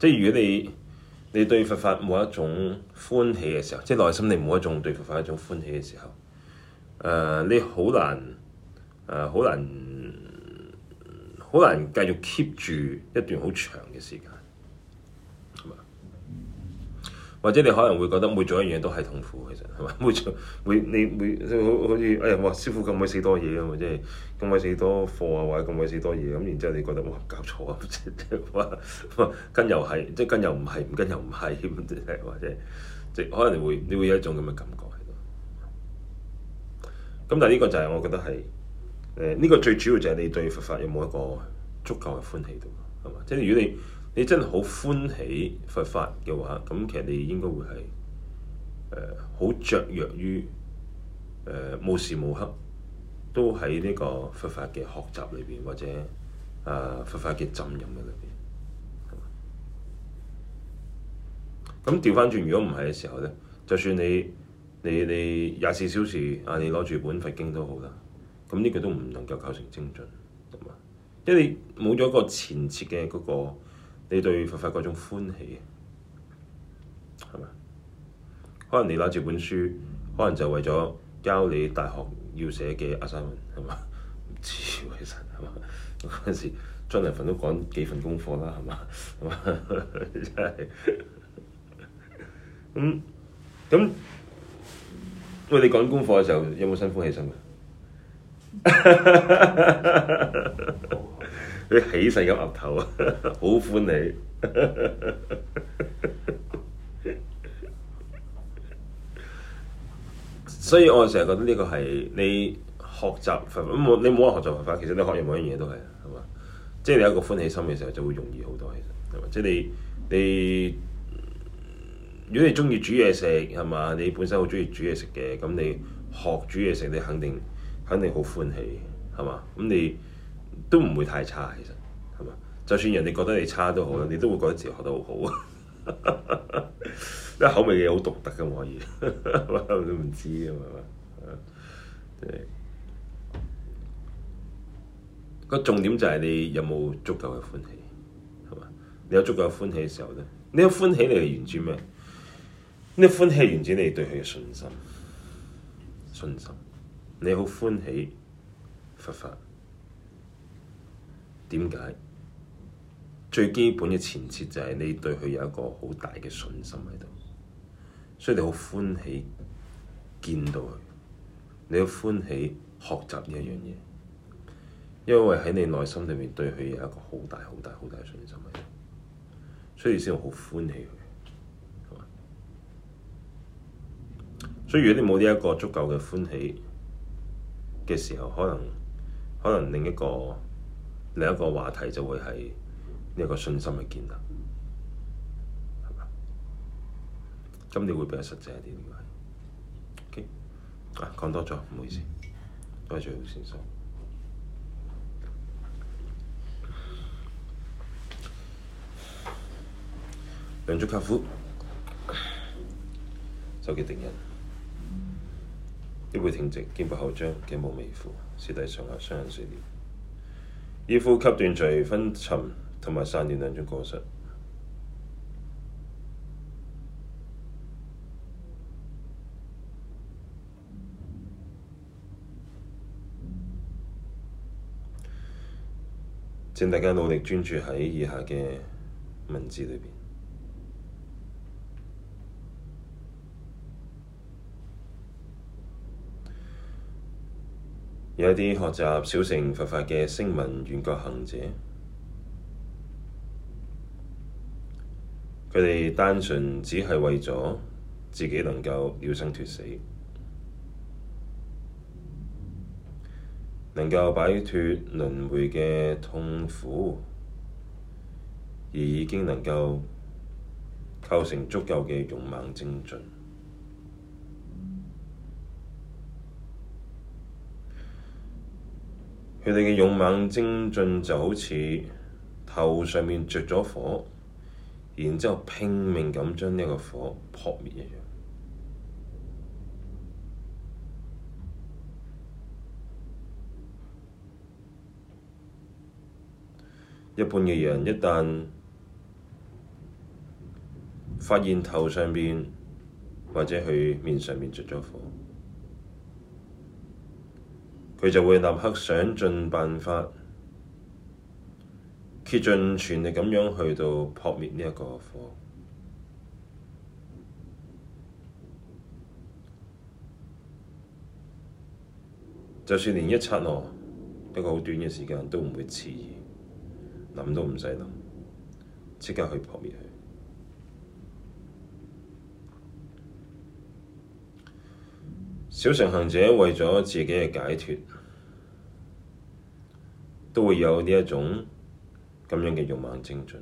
即係如果你你對佛法冇一種歡喜嘅時候，即係內心你冇一種對佛法一種歡喜嘅時候。誒、uh, 你好難，誒、uh, 好難，好難，繼續 keep 住一段好長嘅時間，係嘛？ 或者你可能會覺得每做一樣嘢都係痛苦，其實，係嘛？每做每你每好似哎呀，哇！師傅咁鬼死多嘢啊嘛，即係咁鬼死多貨啊，或者咁鬼死多嘢咁，然之後，你覺得哇搞錯啊！ 即係跟又係，就是，即係跟又唔係，唔跟又唔係。即係或者即係可能你會你會有一種咁嘅感覺。咁但係呢個就係我覺得係誒呢個最主要就係你對佛法有冇一個足夠嘅歡喜度，係嘛？即係如果你你真係好歡喜佛法嘅話，咁其實你應該會係誒好雀躍於誒無時無刻都喺呢個佛法嘅學習裏邊，或者啊、呃、佛法嘅浸淫嘅裏邊。咁調返轉，如果唔係嘅時候咧，就算你，你你廿四小時啊！你攞住本佛經都好啦，咁呢句都唔能夠構成精進，係嘛？因為冇咗一個前設嘅嗰個你對佛法嗰種歡喜，係咪？可能你攞住本書，可能就為咗交你大學要寫嘅 assignment，係嘛？唔知其實係嘛？嗰陣 時 Jonathan 都講幾份功課啦，係嘛？真係咁咁。 餵！你講功課嘅時候有冇新歡喜心㗎？ 你起勢咁岌頭啊，好 歡喜。 所以我成日覺得呢個係你學習佛法，你冇話學習佛法，其實你學任何一樣嘢都係啊，係嘛？即係你有一個歡喜心嘅時候，就會容易好多，其實係嘛？即係你你。你如果你中意煮嘢食係嘛，你本身好中意煮嘢食嘅，咁你學煮嘢食，你肯定肯定好歡喜係嘛？咁你都唔會太差，其實係嘛？就算人哋覺得你差都好啦，你都會覺得自己學得好好。因 為口味嘢好獨特嘅，我可以，你 唔知啊嘛。那個重點就係你有冇足夠嘅歡喜，係嘛？你有足夠嘅歡喜嘅時候咧，你個歡喜你係源自咩？呢歡喜源自你對佢嘅信心，信心，你好歡喜佛法，點解？最基本嘅前設就係你對佢有一個好大嘅信心喺度，所以你好歡喜見到佢，你好歡喜學習呢一樣嘢，因為喺你內心裏面對佢有一個好大好大好大嘅信心喺度，所以先好歡喜佢。所以如果你冇呢一個足夠嘅歡喜嘅時候，可能可能另一個另一個話題就會係呢個信心嘅建立，係嘛？咁你會比較實際啲、okay? 啊講多咗，唔好意思，多謝、mm hmm. 最好先收。兩竹卡夫，手機定人。一背挺直，肩部後張，頸部微俯，舌抵上下雙人字裂，以呼吸斷除昏沉同埋散亂兩種過失。請大家努力專注喺以下嘅文字裏邊。有一啲學習小乘佛法嘅聲聞緣覺行者，佢哋單純只係為咗自己能夠了生脫死，能夠擺脫輪迴嘅痛苦，而已經能夠構成足夠嘅勇猛精進。佢哋嘅勇猛精進就好似頭上面着咗火，然之後拼命咁將呢個火撲滅。一般嘅人一旦發現頭上面或者佢面上面着咗火。佢就會立刻想盡辦法，竭盡全力咁樣去到撲滅呢一個火，就算連一剎那，一個好短嘅時間都唔會遲疑，諗都唔使諗，即刻去撲滅佢。小乘行者為咗自己嘅解脫。都會有呢一種咁樣嘅勇猛精進。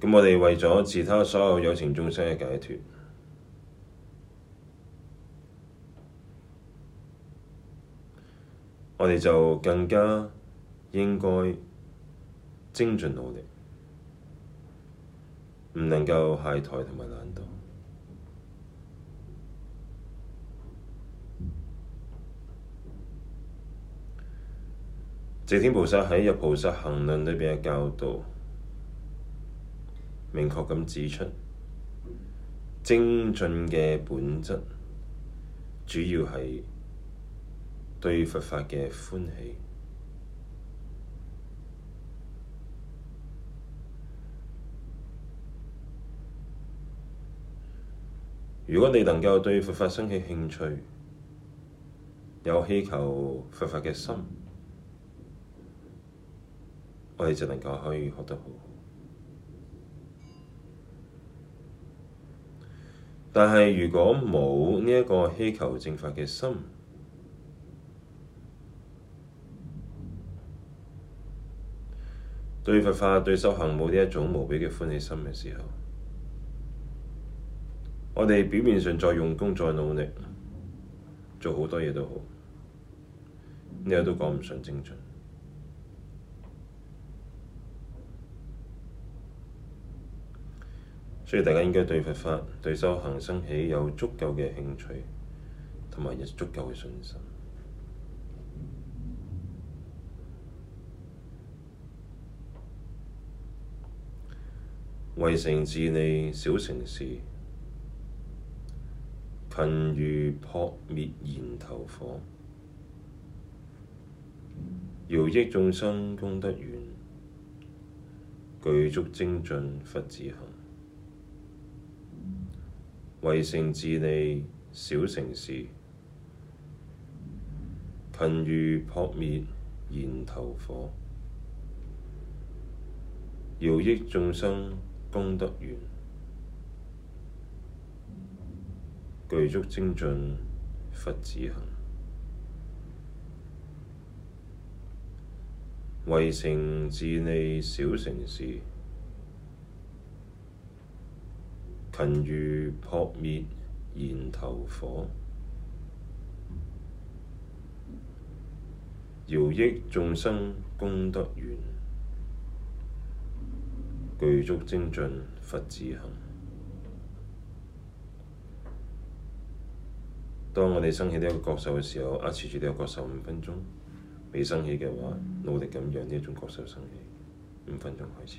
咁我哋為咗其他所有有情眾生嘅解脱，我哋就更加應該精進努力，唔能夠懈怠同埋懶惰。寂天菩薩喺《入菩薩行論》裏邊嘅教導，明確咁指出精進嘅本質，主要係對佛法嘅歡喜。如果你能夠對佛法生起興趣，有希求佛法嘅心。我哋就能夠可以學得好好，但係如果冇呢一個希求正法嘅心， 對佛法、對修行冇呢一種無比嘅歡喜心嘅時候，我哋表面上再用功、再努力，做好多嘢都好，呢個都講唔上精進。所以大家應該對佛法、對修行生起有足夠嘅興趣，同埋有足夠嘅信心，為成自利小乘士，勤如撲滅燃頭火，饒益眾生功德源，具足精進佛子行。唯成自利小乘士，勤如撲滅燃頭火，饒益眾生功德源，具足精進佛子行。唯成自利小乘士。勤如撲滅燃頭火，饒益眾生功德源，具足精進佛子行。當我哋生起呢一個覺受嘅時候，壓持住呢個覺受五分鐘。未生起嘅話，努力咁讓呢一種覺受生起。五分鐘開始。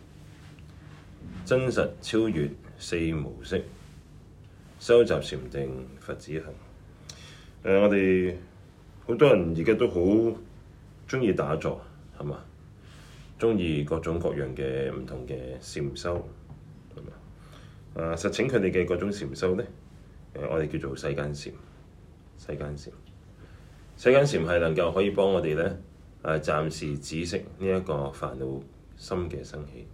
真實超越四無色，修習禪定佛子行。啊、我哋好多人而家都好鍾意打坐，係嘛？鍾意各種各樣嘅唔同嘅禪修，係嘛、啊？實踐佢哋嘅各種禪修呢，啊、我哋叫做世間禪。世間禪，世間禪係能夠可以幫我哋呢，誒、啊，暫時止息呢一個煩惱心嘅生起。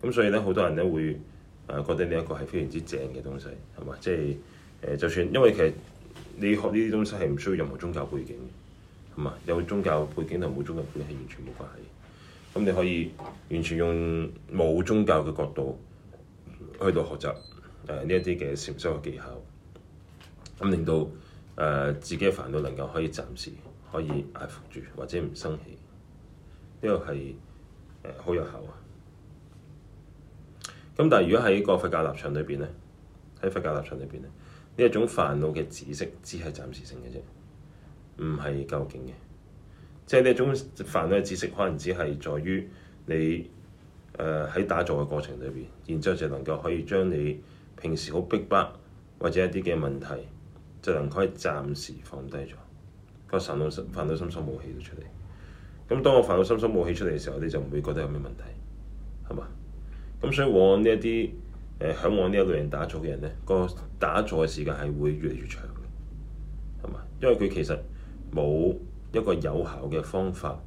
咁所以咧，好多人咧會誒覺得呢一個係非常之正嘅東西，係嘛？即係誒、呃、就算因為其實你學呢啲東西係唔需要任何宗教背景嘅，係嘛？有宗教背景同冇宗教背景係完全冇關係，咁你可以完全用冇宗教嘅角度去到學習誒呢一啲嘅禪修嘅技巧，咁、嗯、令到誒、呃、自己嘅煩惱能夠可以暫時可以壓服住或者唔生氣，呢個係誒好有效。咁但係如果喺個佛教立場裏邊咧，喺佛教立場裏邊咧，呢一種煩惱嘅知識只係暫時性嘅啫，唔係究竟嘅。即係呢一種煩惱嘅知識，可能只係在於你誒喺、呃、打坐嘅過程裏邊，然之後就能夠可以將你平時好逼迫或者一啲嘅問題，就能可以暫時放低咗、這個神惱神煩惱心所冇起出嚟。咁當我煩惱心所冇起出嚟嘅時候，你就唔會覺得有咩問題，係嘛？咁所以往、呃、往呢一啲誒向往呢一類型打坐嘅人咧，個打坐嘅時間係會越嚟越長嘅，係咪？因為佢其實冇一個有效嘅方法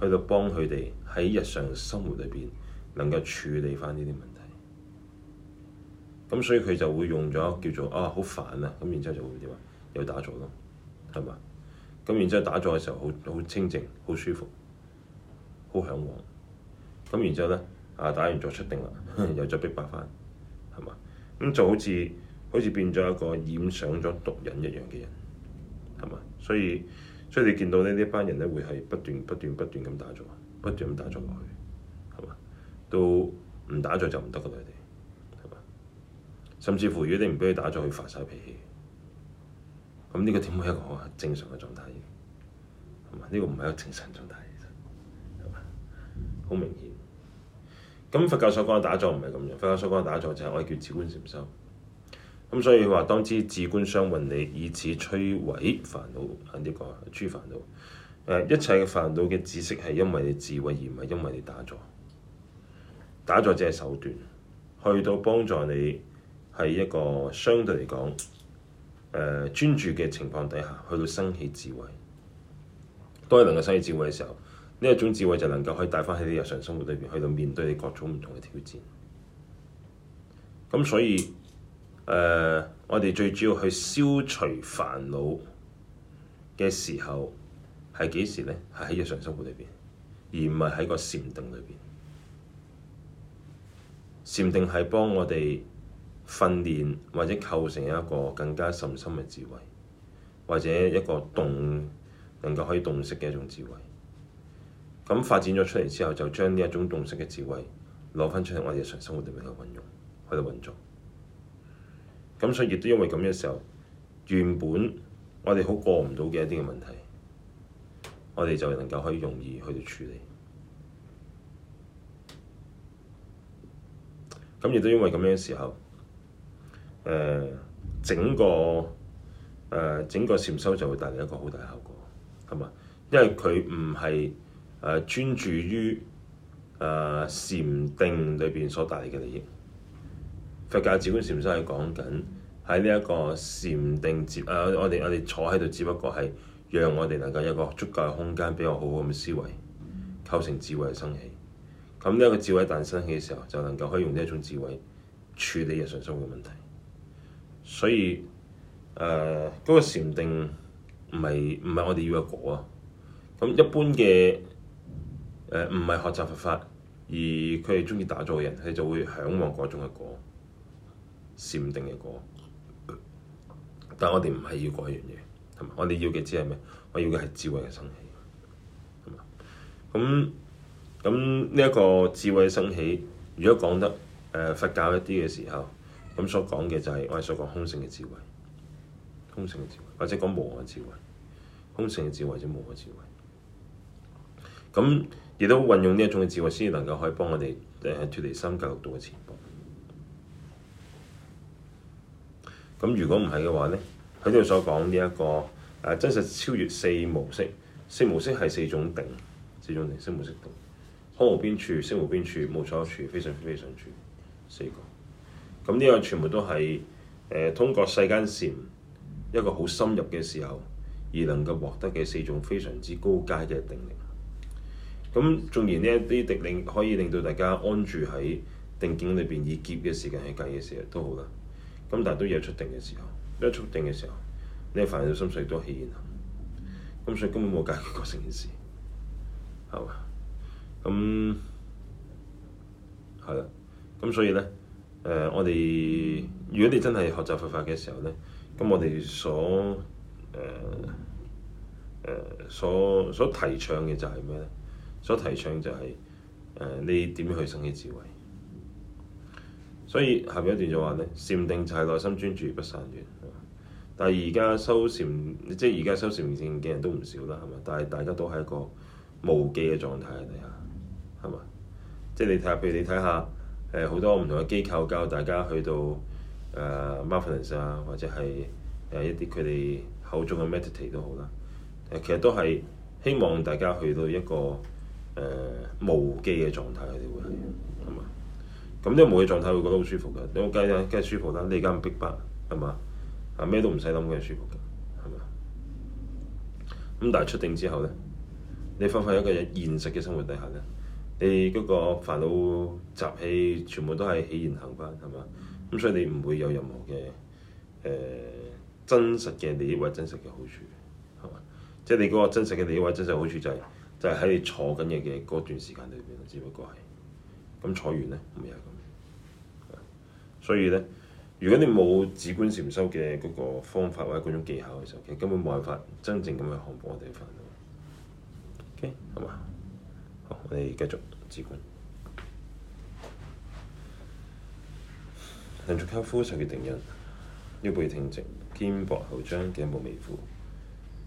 去到幫佢哋喺日常生活裏邊能夠處理翻呢啲問題。咁所以佢就會用咗叫做啊好煩啊，咁、啊、然之後就會點啊又打坐咯，係咪？咁然之後打坐嘅時候好好清淨，好舒服，好向往。咁然之後咧。啊！打完咗出定啦，又再逼白翻，係嘛？咁就好似好似變咗一個染上咗毒癮一樣嘅人，係嘛？所以所以你見到咧呢班人咧會係不斷不斷不斷咁打坐，不斷咁打坐落去，係嘛？都唔打坐就唔得噶啦，佢哋係嘛？甚至乎如果你唔俾佢打坐，佢發晒脾氣，咁呢個點會係一個正常嘅狀態？係嘛？呢、這個唔係一個正常狀態其實，係嘛？好明顯。咁佛教所講嘅打坐唔係咁樣，佛教所講嘅打坐就係我哋叫止觀禪修。咁所以話，當知止觀雙運理，以此摧毀煩惱，呢、這個諸煩惱。誒一切嘅煩惱嘅知識係因為你智慧，而唔係因為你打坐。打坐只係手段，去到幫助你喺一個相對嚟講誒專注嘅情況底下，去到生起智慧，當你能夠生起智慧嘅時候。呢一種智慧就能夠可以帶返喺你日常生活裏邊，去到面對你各種唔同嘅挑戰。咁所以，誒、呃，我哋最主要去消除煩惱嘅時候係幾時咧？係喺日常生活裏邊，而唔係喺個禪定裏邊。禪定係幫我哋訓練或者構成一個更加甚深嘅智慧，或者一個洞能夠可以洞悉嘅一種智慧。咁發展咗出嚟之後，就將呢一種洞悉嘅智慧攞翻出嚟，我哋日常生活裡面去運用去到運作。咁所以亦都因為咁嘅時候，原本我哋好過唔到嘅一啲嘅問題，我哋就能夠可以容易去到處理。咁亦都因為咁樣嘅時候，誒、呃、整個誒、呃、整個禪修就會帶嚟一個好大嘅效果，係嘛？因為佢唔係。誒、啊、專注於禪、啊、定裏面所帶嚟嘅利益，佛教止觀禪師係講緊喺呢一個禪定、啊、我哋我哋坐喺度，只不過係讓我哋能夠一個足夠嘅空間，俾我好好咁思維，構成智慧嘅生起。咁呢一個智慧誕生起嘅時候，就能夠可以用呢一種智慧處理日常生活嘅問題。所以誒，嗰、啊那個禪定唔係唔係我哋要嘅果啊。咁一般嘅。誒唔係學習佛法，而佢哋鍾意打坐嘅人，佢哋就會嚮往嗰種嘅果，禪定嘅果。但係我哋唔係要嗰樣嘢，係嘛，我哋要嘅只係咩？我要嘅係智慧嘅生起，係嘛。咁咁呢一個智慧嘅生起，如果講得誒、呃、佛教一啲嘅時候，咁所講嘅就係、是、我哋所講空性嘅智慧，空性嘅智慧或者講無我嘅智慧，空性嘅智慧或者無我嘅智慧。咁亦都運用呢一種智慧，先至能夠可以幫我哋誒脱離三界六道嘅籤。咁如果唔係嘅話咧，喺度所講呢一個誒真實超越四無色，四無色係四種定，四種定，四無色定，空無邊處、識無邊處、無所處、非常非常處，四個。咁呢個全部都係誒、呃、通過世間禪一個好深入嘅時候而能夠獲得嘅四種非常之高階嘅定力。咁，縱然呢一啲敵令可以令到大家安住喺定境裏邊，以劫嘅時間去計嘅時候都好啦。咁但係都有出定嘅時候，一出定嘅時候，你煩惱心術都起現啦。咁所以根本冇解決過成件事，係嘛、啊？咁係啦。咁所以咧，誒、呃，我哋如果你真係學習佛法嘅時候咧，咁我哋所誒誒、呃呃、所所提倡嘅就係咩咧？所提倡就係你點樣去升起智慧，所以下面一段就話呢禪定就係內心專注而不散亂。但係而家修禪，即係而家修禪定嘅人都唔少啦，係嘛？但係大家都係一個無記嘅狀態底下，係嘛？即係你睇下，譬如你睇下誒好多唔同嘅機構教大家去到誒 marketing 啊，呃、Mar ance，或者係誒一啲佢哋口中嘅 meditation 都好啦。其實都係希望大家去到一個。誒、呃，無記嘅狀態，佢哋會係嘛？咁呢個無記嘅狀態會覺得好舒服噶，你個雞咧，梗係舒服啦。你而家唔逼迫，係嘛？啊，咩都唔使諗嘅，梗係舒服嘅，係嘛？咁但係出定之後咧，你翻返一個現實嘅生活底下咧，你嗰個煩惱習氣全部都係起現行翻，係嘛？咁所以你唔會有任何嘅誒、呃、真實嘅利益或真實嘅好處，係嘛？即係你嗰個真實嘅利益或真實好處就係。就係喺你坐緊嘅嘅嗰段時間裏邊，只不過係咁坐完呢，唔係咁。所以呢，如果你冇止觀禪修嘅嗰個方法或者嗰種技巧嘅時候，其實根本冇辦法真正咁去看破我哋嘅煩惱。OK，好嘛？好，我哋繼續止觀。林卓嘉夫上嘅定印，腰背挺直，肩膊後張，頸部微呼。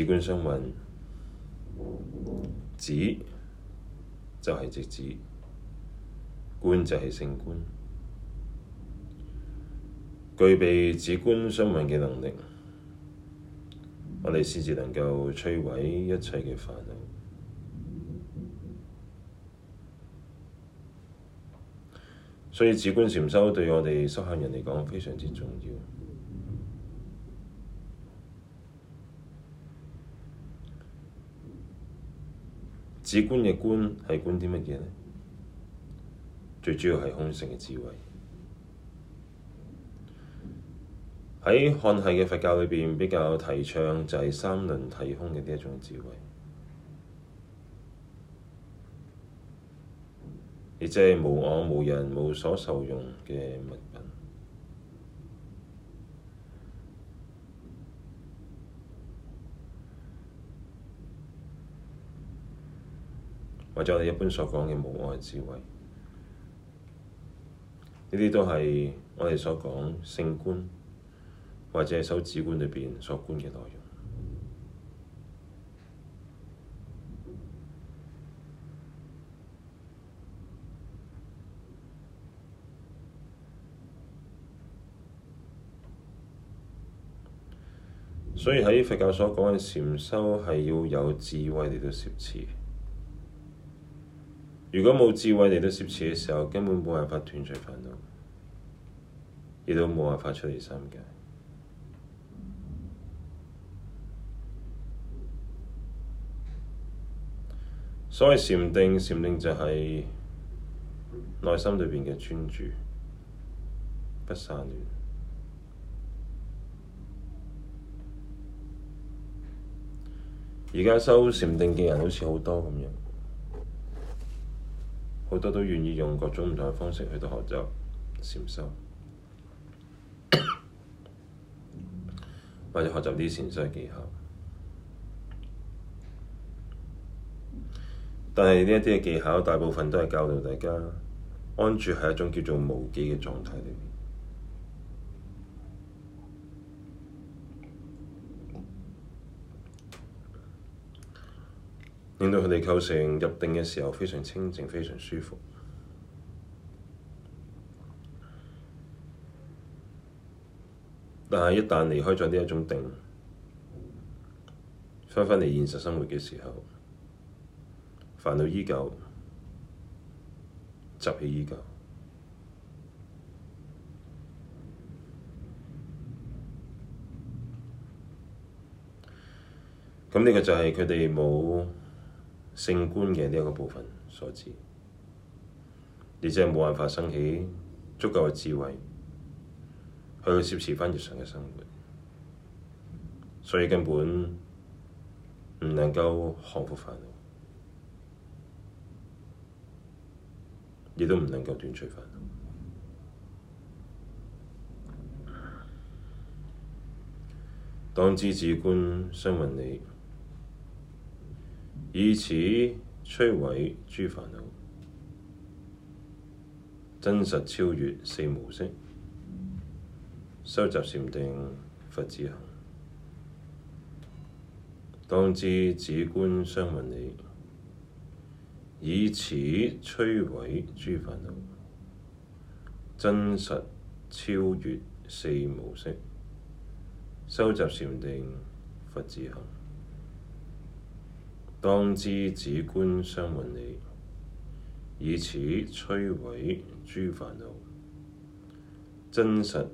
止觀雙運，止就係寂止，觀就係勝觀。具備止觀雙運嘅能力，我哋先至能夠摧毀一切嘅煩惱。所以止觀禪修對我哋修行人嚟講非常之重要。止觀嘅觀係觀啲乜嘢呢？最主要係空性嘅智慧。喺漢系嘅佛教裏面，比較提倡就係三輪體空嘅呢一種智慧，亦即係無我、無人、無所受用嘅物。或者我哋一般所講嘅無礙智慧，呢啲都係我哋所講勝觀或者手指觀裏邊所觀嘅內容。所以喺佛教所講嘅禪修係要有智慧嚟到攝持。如果冇智慧嚟到攝持嘅時候，根本冇辦法斷除煩惱，亦都冇辦法出離三界。所謂禪定，禪定就係內心裏面嘅專注，不散亂。而家修禪定嘅人好似好多咁樣。好多都願意用各種唔同嘅方式去到學習、禪修，或者學習啲禪修嘅技巧。但係呢一啲嘅技巧，大部分都係教導大家安住喺一種叫做無記嘅狀態裏面。令到佢哋構成入定嘅時候，非常清淨，非常舒服。但係一旦離開咗呢一種定，返返嚟現實生活嘅時候，煩惱依舊，習氣依舊。咁呢個就係佢哋冇勝觀嘅呢一個部分所致，你真係冇辦法生起足夠嘅智慧去攝持翻日常嘅生活，所以根本唔能夠降伏煩惱，亦都唔能夠斷除煩惱。當知止觀雙運理，以此摧毀諸煩惱，真實超越四無色，修習禪定佛子行，當知止觀雙運理。以此摧毀諸煩惱，真實超越四無色，修習禪定佛子行。當知止觀雙運理，以此摧毀諸煩惱，真實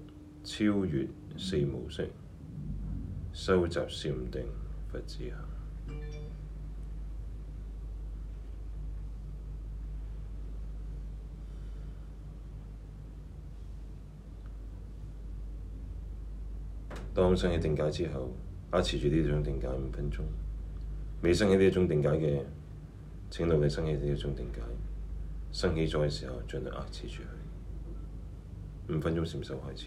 超越四無色，修習禪定佛子行。當升起定解之後，把持住呢種定解五分鐘。未生起呢一種定解嘅，請努力升起呢一種定解。生起咗嘅時候，儘量壓持住佢。五分鐘受害，十五秒開始。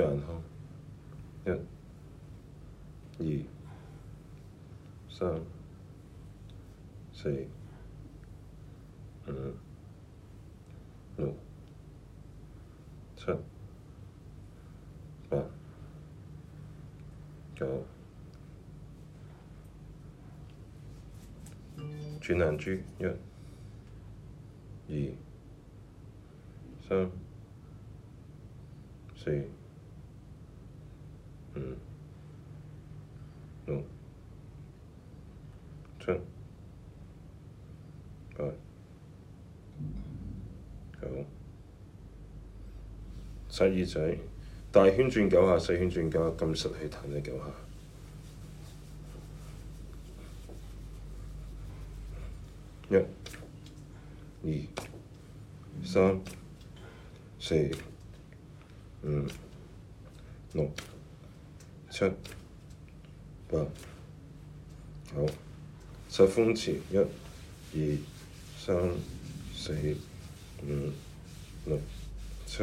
轉吓，一、二、嗯、三、四、五、六、七、八、九，轉兩圈，一、二、三。刷耳仔，大圈轉九下，細圈轉九下，咁實氣彈你九下。一、二、三、四、五、六、七、八、九，十風池一、二、三、四、五、六、七。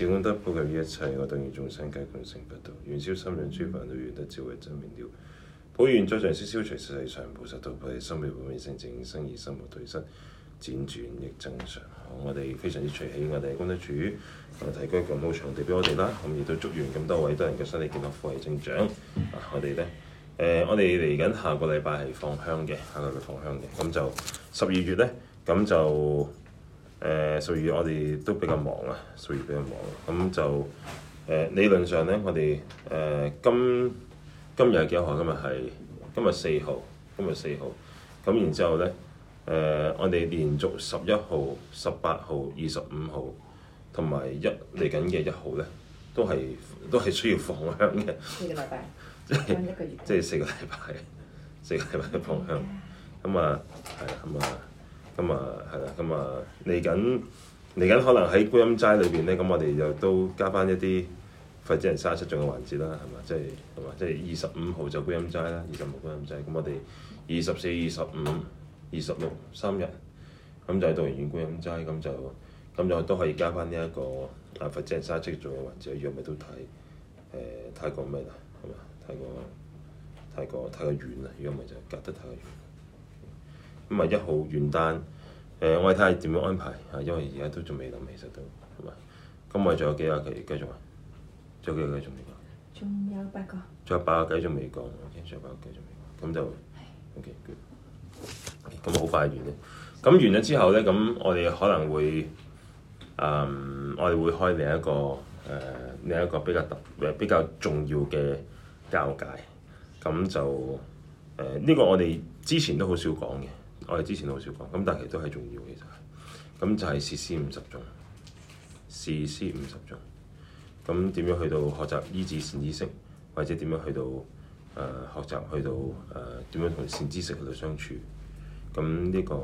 自功德普及於一切，我等與眾生皆共成佛道。願消三障諸煩惱，願得智慧真明了。普願罪障悉消除，世世常行菩薩道。菩提心妙寶，未生令生起，已生勿退失，輾轉益增長。我哋非常之隨喜，我哋功德主啊，我提供咁好場地俾我哋啦，咁亦都祝願咁多位都能夠身體健康，福慧增長。啊、呃，我哋咧，誒，我哋嚟緊下個禮拜係放香嘅，下個禮拜放香嘅，咁就十二月咧，咁就。誒、呃，所以我哋都比較忙啊，所以比較忙。咁就誒、呃、理論上咧，我哋誒今今日幾號？今日係今日四號，今日四號。咁然之後咧，誒、呃、我哋連續十一號、十八號、二十五號，同埋一嚟緊嘅一號咧，都係都係需要放香嘅。四個禮拜。即係一個月。即係四個禮拜，四個禮拜放香。咁啊，係咁啊。咁啊，係啦，咁啊，嚟緊嚟緊，可能喺觀音齋裏邊咧，咁我哋又都加翻一啲佛子行三十七頌嘅環節啦，係嘛？即係係嘛？即係二十五號就觀音齋啦，二十五號觀音齋，咁我哋二十四、二十五、二十六三日，咁就喺度完觀音齋，咁就咁就都可以加翻呢一個啊佛子行三十七頌嘅環節，若唔係都睇誒太過咩啦？係嘛？太過太過太過遠啦，如果唔係就隔得太過遠。咁啊！一號元旦，誒、呃，我哋睇下點樣安排嚇。因為而家都仲未諗，其實都係咪？咁我哋仲有幾個偈頌啊？仲有幾個偈頌仲未講？仲有八個，仲有八個偈頌未講。O.K.，仲有八個偈頌未講。咁就 O.K.，咁好、okay, 快完啦。咁完咗之後咧，咁我哋可能會誒、呃，我哋會開另一個誒、呃，另一個比較特誒比較重要嘅交界。咁就誒，呢、呃這個我哋之前都好少講嘅。我哋之前好都好少講，咁但係都係重要嘅，其實 CC。咁就係視師五十種，視師五十種。咁點樣去到學習依止善知識，或者點樣去到誒、呃、學習去到誒呃、點樣同善知識去到相處？咁呢個誒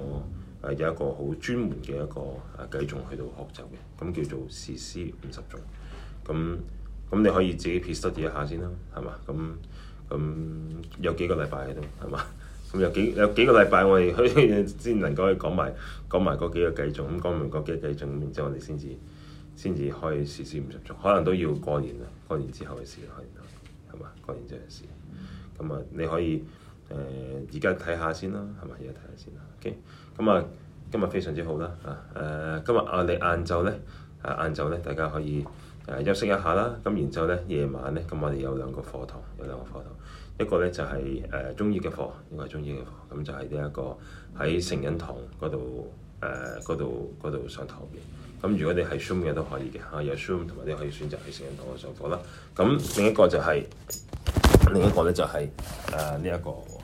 有一個好專門嘅一個誒計種去到學習嘅，咁叫做視師五十種。咁咁你可以自己撇 study 一下先啦，係嘛？咁咁有幾個禮拜喺度，係嘛？嗯、有幾有幾個禮拜我，我哋去先能夠去講埋講埋嗰幾個偈頌，咁講完嗰幾個偈頌，咁然之後我哋先至先至開始先唔入做，可能都要過年啦，過年之後嘅事啦，係嘛？過年之後嘅事。咁啊、嗯嗯，你可以誒而家睇下先啦，係嘛？而家睇下先啦。OK，咁、嗯、啊，今日非常之好啦，嚇、呃、誒，今日啊，我哋晏晝咧啊，晏晝咧，大家可以誒休息一下啦。咁然之後咧，夜晚咧，咁我哋有兩個課堂，有兩個課堂。一個咧就係誒中醫嘅課，一個係中醫嘅課，咁就係呢一個喺成人堂嗰度誒度度上堂嘅。咁如果你係 Zoom 嘅都可以嘅吓，有 Zoom 同埋你可以選擇喺成人堂去上課啦。咁另一個就係、是、另一個咧就係誒呢一個。